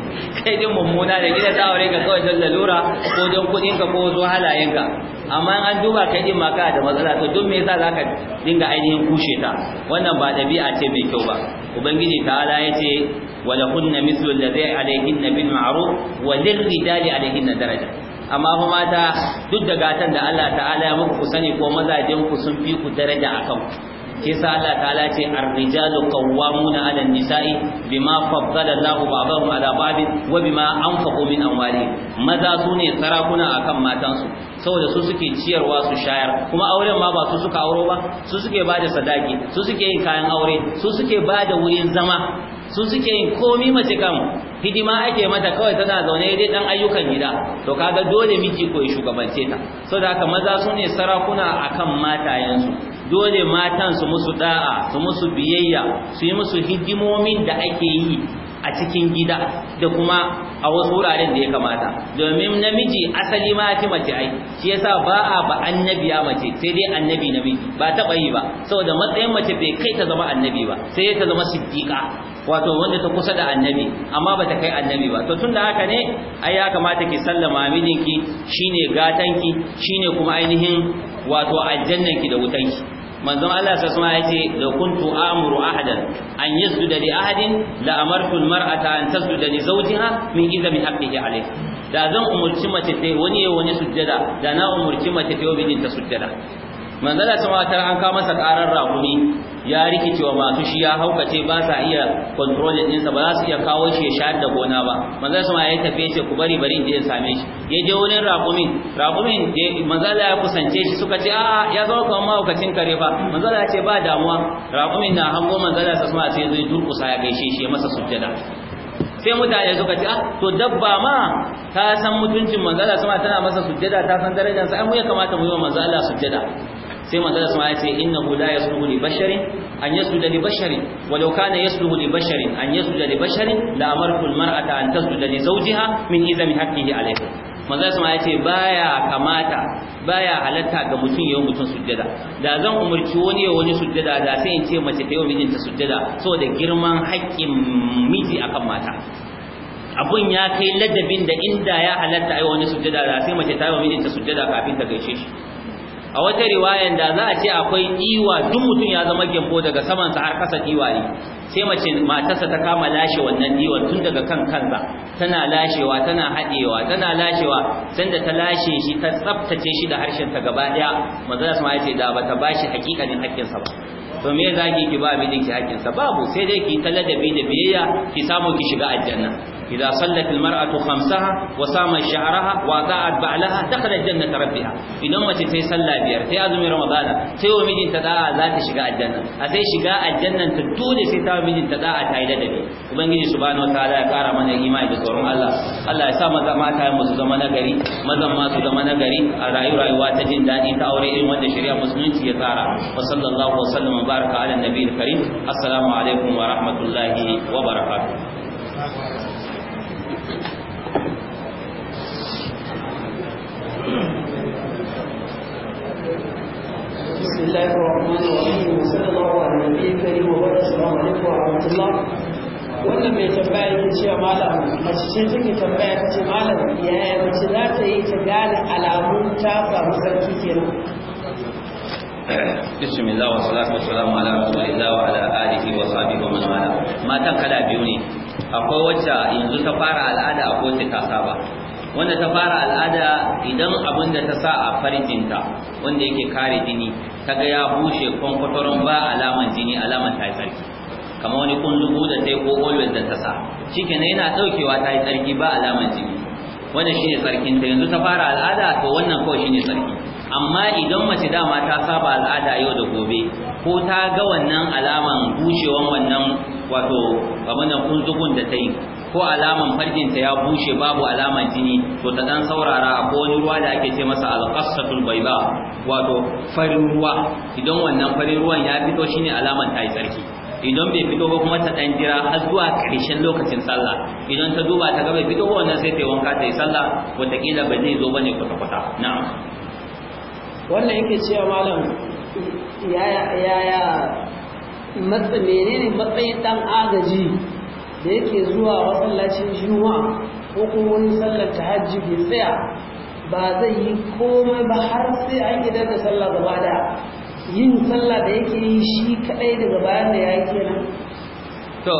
kai din mummuna da da aure ka kawai don lalura ko don kudin ka ko zo halayen ka amma an duba kai din ma ka da matsala to don me yasa ka dinga ainihin kushe ta wannan ba dabi'a ce mai kyau ba ubangiji ta'ala yace ولهن مثل الذي عليهن بالمعروف alaihin na daraja. amma fa mata duk da gatan da Allah ta'ala ya muku ku sani ko mazajin ku sun fi ku daraja akan ke sa Allah ta'ala ce ar-rijalu qawwamuna 'ala an-nisa'i bima faddala Allahu ba'dahum 'ala ba'd wa bima anfaqu min amwali maza su ne sarakuna akan matansu saboda su suke ciyarwa su shayar kuma auren ma ba su suka auro ba su suke bada sadaki su suke yin kayan aure su suke bada wurin zama su suke yin komi mace kan hidima ake mata kawai tana zaune dai dan ayyukan gida to kaga dole miji ko ya shugabance ta saboda haka maza su ne sarakuna akan yanzu dole matan su musu da'a su musu biyayya su yi musu hidimomin da ake yi a cikin gida da kuma a wasu wuraren da ya kamata domin namiji asali ma fi mace ai shi yasa ba a ba annabiya mace sai dai annabi namiji ba taɓa yi ba saboda matsayin mace bai kai ta zama annabi ba sai ta zama siddiqa wato wanda ta kusa da annabi amma bata kai annabi ba to da haka ne ai ya kamata ki sallama mijinki shine gatanki shine kuma ainihin wato aljannanki da wutanki manzon Allah sallallahu alaihi yace da kuntu amuru ahadan an yasjuda li ahadin la amartu almar'ata an tasjuda li zawjiha min idami haqqihi alayhi da zan umurci mace ta wani ya wani sujjada da na umurci mace ta yi mijinta sujjada manzala sama tar an kawo masa karar rakumi ya rikice wa masu shi ya haukace ba sa iya control din sa ba za su iya kawo shi ya shayar da gona ba manzala sama ya tafi ce ku bari bari je ya same shi ya je wurin rahumi ne manzala ya kusance shi suka ce a'a ya zama kamar mahaukacin kare ba. manzala ya ce ba damuwa rakumin na hango manzala sama sai zai durkusa ya gaishe shi ya masa sujjada sai mutane suka ce ah to dabba ma ta san mutuncin Manzala sama tana masa sujjada ta san darajarsa. sa ai mu ya kamata mu yi wa manzala sujjada sai manzon sama ya ce innahu la yasluhu li basharin an yasjuda li basharin walau kana yasluhu li basharin an yasjuda li basharin la amartu almar'ata an tasjuda li zawjiha min izami haqqihi alayha manzon sama ya ce baya kamata baya halatta ga mutum yayin mutum sujjada da zan umurci wani ya wani sujjada da sai in ce mace ta yi mijinta sujjada saboda girman haƙƙin miji akan mata abun ya kai ladabin da inda ya halatta ai wani sujjada da sai mace ta yi mijinta sujjada kafin ta gaishe shi a wata riwayan da za a ce akwai iwa duk mutum ya zama gyambo daga samansa har kasa iwaye sai mace matarsa ta kama lashe wannan iwa tun daga kan kansa tana lashewa tana haɗewa tana lashewa sanda ta lashe shi ta tsaftace shi da harshen ta gaba daya manzon Asma ya ce da ta bashi hakikanin hakkinsa ba to me zaki ki ba mijinki sa babu sai dai ki bi da biyayya ki samu ki shiga aljanna إذا صلت المرأة خمسها وصامت شهرها وأطاعت بعلها دخلت جنة ربها إذا ما تي صلى بير تي أزمي رمضان تي ومجين تداعى ذات شقاء الجنة أتي شقاء الجنة تتولي ستا ومجين تداعى تايدة دي وبنجي سبحانه وتعالى يقارى من الإيمان بسورهم الله الله يسا مزا ما تاي مسو زمان غري مزا ما سو زمان غري رأي رأي واتجين داني تأوري إن وانت شريع مسلمين يقارى وصلى الله وسلم وبارك على النبي الكريم السلام عليكم ورحمة الله وبركاته بسم الله الرحمن الرحيم وصلى الله على النبي الكريم وبارك السلام عليكم ورحمه الله wannan mai tambaya yake cewa malam mace ce take tambaya ta malam yaya mace za ta yi ta gane alamun ta samu sarki kenan bismillah wa salatu wa salamu ala rasulillah wa ala alihi wa sahbihi wa man wala matan kala biyu ne akwai wacce yanzu ta fara al'ada a wacce ta wanda ta fara al'ada idan abin da ta sa a farjinta wanda yake kare jini ga ya bushe kwankwaton ba alaman jini alaman ta yi tsarki kamar wani kundugu da ta yi ko always da ta sa shike ne yana daukewa ta yi tsarki ba alaman jini wanda shi ne tsarkinta ta yanzu ta fara al'ada to wannan kawai shi ne tsarki amma idan mace dama ta saba al'ada yau da gobe ko ta ga wannan alaman bushewan wannan wato abin da kunzugun da ta yi ko alaman farjinta ya bushe babu alaman jini to ta dan saurara ko wani ruwa da ake ce masa alqasatul bayda wato farin ruwa idan wannan farin ruwan ya fito shine alaman ta yi tsarki idan bai fito ba kuma ta dan jira har zuwa karshen lokacin sallah idan ta duba ta ga bai fito ba wannan sai ta wanka ta yi sallah wataƙila ba zai zo bane kwata-kwata na'am wannan yake cewa malam yaya yaya menene matsayin dan agaji da yake zuwa masallacin juma ko kuma wani sallar tahajji bai tsaya ba zai yi komai ba har sai an yi daga sallah gaba da yin sallah da yake yi shi kadai daga bayan da ya yi kenan to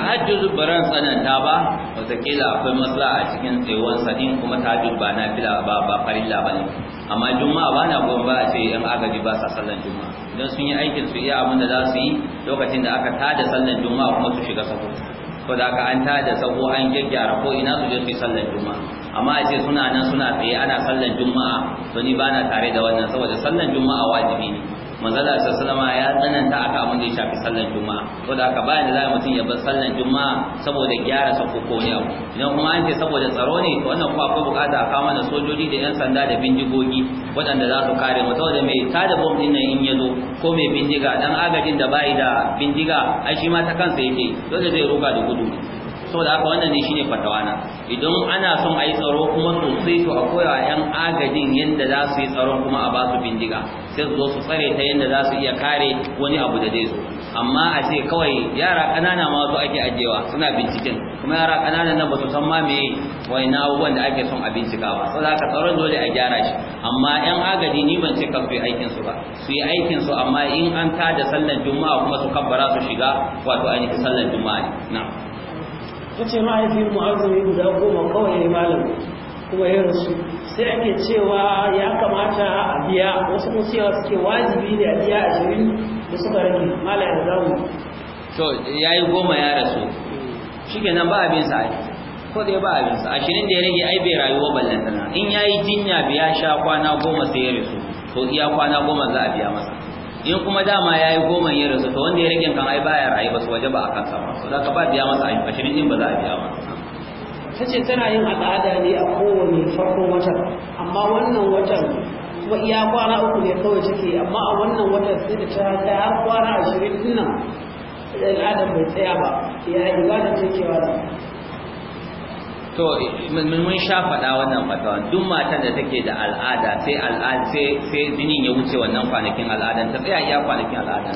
tahajjud baran tsananta ba wataƙila akwai matsala a cikin tsewon sadin kuma tahajjud ba na fila ba ba farilla ba ne amma juma'a ba na gobe ba a ce yan agaji ba sa sallan juma'a don sun yi aikin su iya abin da za su yi lokacin da aka tada sallan juma'a kuma su shiga sahur to da ka an ta da sabo an gyaggyara ko ina su je su sallar juma'a amma a ce suna nan suna tsaye ana sallar juma'a to ni ba na tare da wannan saboda sallar juma'a wajibi ne manzala ta sallama ya tsananta aka abin da ya shafi sallan juma'a saboda haka bayan da za mutum ya bar sallan juma'a saboda gyara sakoko ne abu idan kuma an ce saboda tsaro ne to wannan kuma akwai bukata a kawo mana sojoji da yan sanda da bindigogi waɗanda za su kare mu saboda mai tada bom din nan in ya zo ko mai bindiga dan agajin da bai da bindiga ai shi ma ta kansa yake dole zai roka da gudu saboda haka wannan ne shine fatawana idan ana son ayi tsaro kuma sosai to a koyawa yan agajin yadda za su yi tsaron kuma a ba su bindiga sai su zo su tsare ta yadda za su iya kare wani abu da zai su, amma a ce kawai yara ƙanana ma wasu ake ajewa suna binciken kuma yara ƙanana nan ba su san ma me wai na abubuwan da ake son a bincika ba za ka tsaron dole a gyara shi amma yan agadi ni ban ce kan su yi aikin su ba su yi aikin su amma in an ta da sallar juma'a kuma su kabbara su shiga wato yi sallar juma'a na ta ce mahaifin mu guda goma kawai ya yi malam kuma ya rasu sai ake cewa ya kamata a biya wasu kuma cewa suke wajibi ne a biya ashirin da suka rage mala ya zamu to ya yi goma ya rasu shi ke nan ba abin sa ko dai ba abin sa ashirin da ya rage ai bai rayuwa ballan sana in ya yi jinya biya sha kwana goma sai ya rasu to iya kwana goma za a biya masa in kuma dama ya yi goma ya rasu to wanda ya rage kan ai baya rayu ba su waje ba a kansa ba so za ka ba biya masa ashirin din ba za a biya masa ta ce tana yin al'ada ne a kowane farkon watan amma wannan watan ya iya kwana uku ne kawai take amma a wannan watan sai da ta ta har kwana ashirin din nan al'adar bai tsaya ba ya yi ta takewa da to mun sha faɗa wannan fatawa duk matan da take da al'ada sai al'ada sai jinin ya wuce wannan kwanakin al'adan ta tsaya iya kwanakin al'adan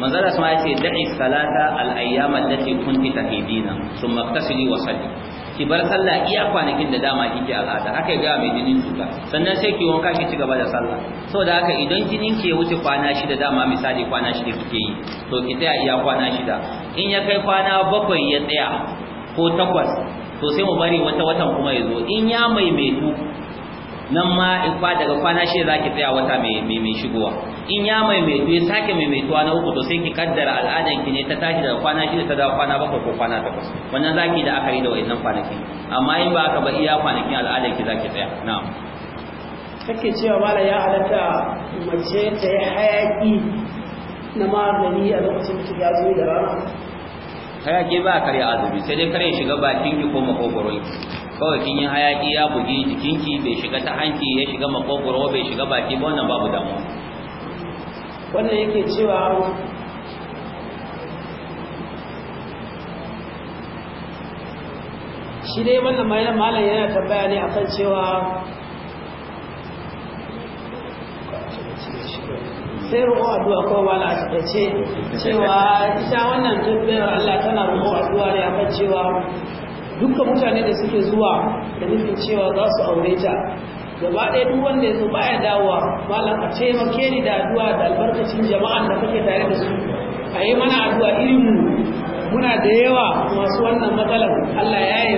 manzala sama ya ce da'i salata al-ayyama allati kunti hidina sun iktasili wa salli ki bar sallah iya kwanakin da dama kike al'ada haka ga mai jinin cuta sannan sai ki wanka ki cigaba da sallah saboda haka idan jinin ki ya wuce kwana shida dama misali kwana shida kike yi to ki tsaya iya kwana shida in ya kai kwana bakwai ya tsaya ko takwas to sai mu bari wata watan kuma ya zo in ya maimaitu nan ma in fa daga kwana shi zaki tsaya wata mai mai shigowa in ya maimaitu ya sake maimaituwa na uku to sai ki kaddara al'adan ki ne ta tashi daga kwana shi ta dawo kwana bakwai ko kwana takwas wannan zaki da akari da wayannan kwanaki amma in ba ka ba iya kwanakin al'adan ki zaki tsaya na'am kake cewa mala ya halatta mace ta yi hayaki na magani a lokacin da ya zo da rana hayaki ba karya azumi sai dai kare shiga bakin ki ko makogoron ki kawai kin yi hayaki ya bugi jikinki bai shiga ta hanki ya shiga makogoro bai shiga baki ba wannan babu damu wannan yake cewa shi dai wannan malam malam yana tambaya ne akan cewa sai roƙo addu'a ko wala a cewa ita wannan tabbiyar Allah tana roƙo addu'a ne akan cewa dukkan mutane da suke zuwa da nufin cewa za su aure ta gaba ɗaya duk wanda ya zo ya dawowa malam a taimake ni da addu'a da albarkacin jama'an da kake tare da su a yi mana addu'a irin mu muna da yawa masu wannan matsalar Allah ya yi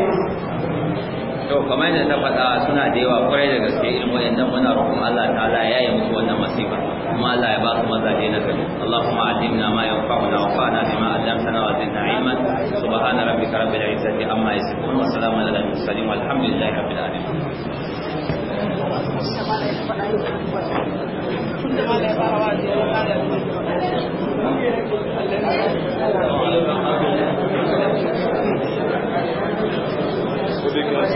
to kamar yadda ta faɗa suna da yawa kwarai da gaske irin waɗannan muna roƙon Allah ta'ala ya yi musu wannan masifa ما لا يبال ماذا دينك اللهم علمنا ما ينفعنا وفعنا بما علمتنا وزدنا علما سبحان ربك رب العزة عما يصفون وسلام على المرسلين والحمد لله رب العالمين Субтитры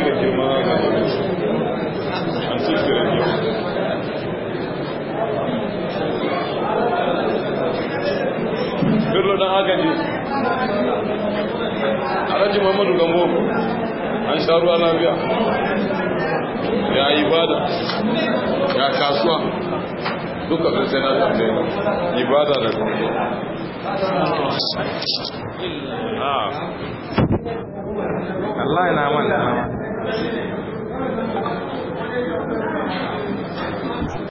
сделал don dan haka ne alhaji muhammadu gambo an sha ruwa lafiya ya bada ya kasuwa duka sosai na tambaye ibada da kwanzo ah. Allah ya na manta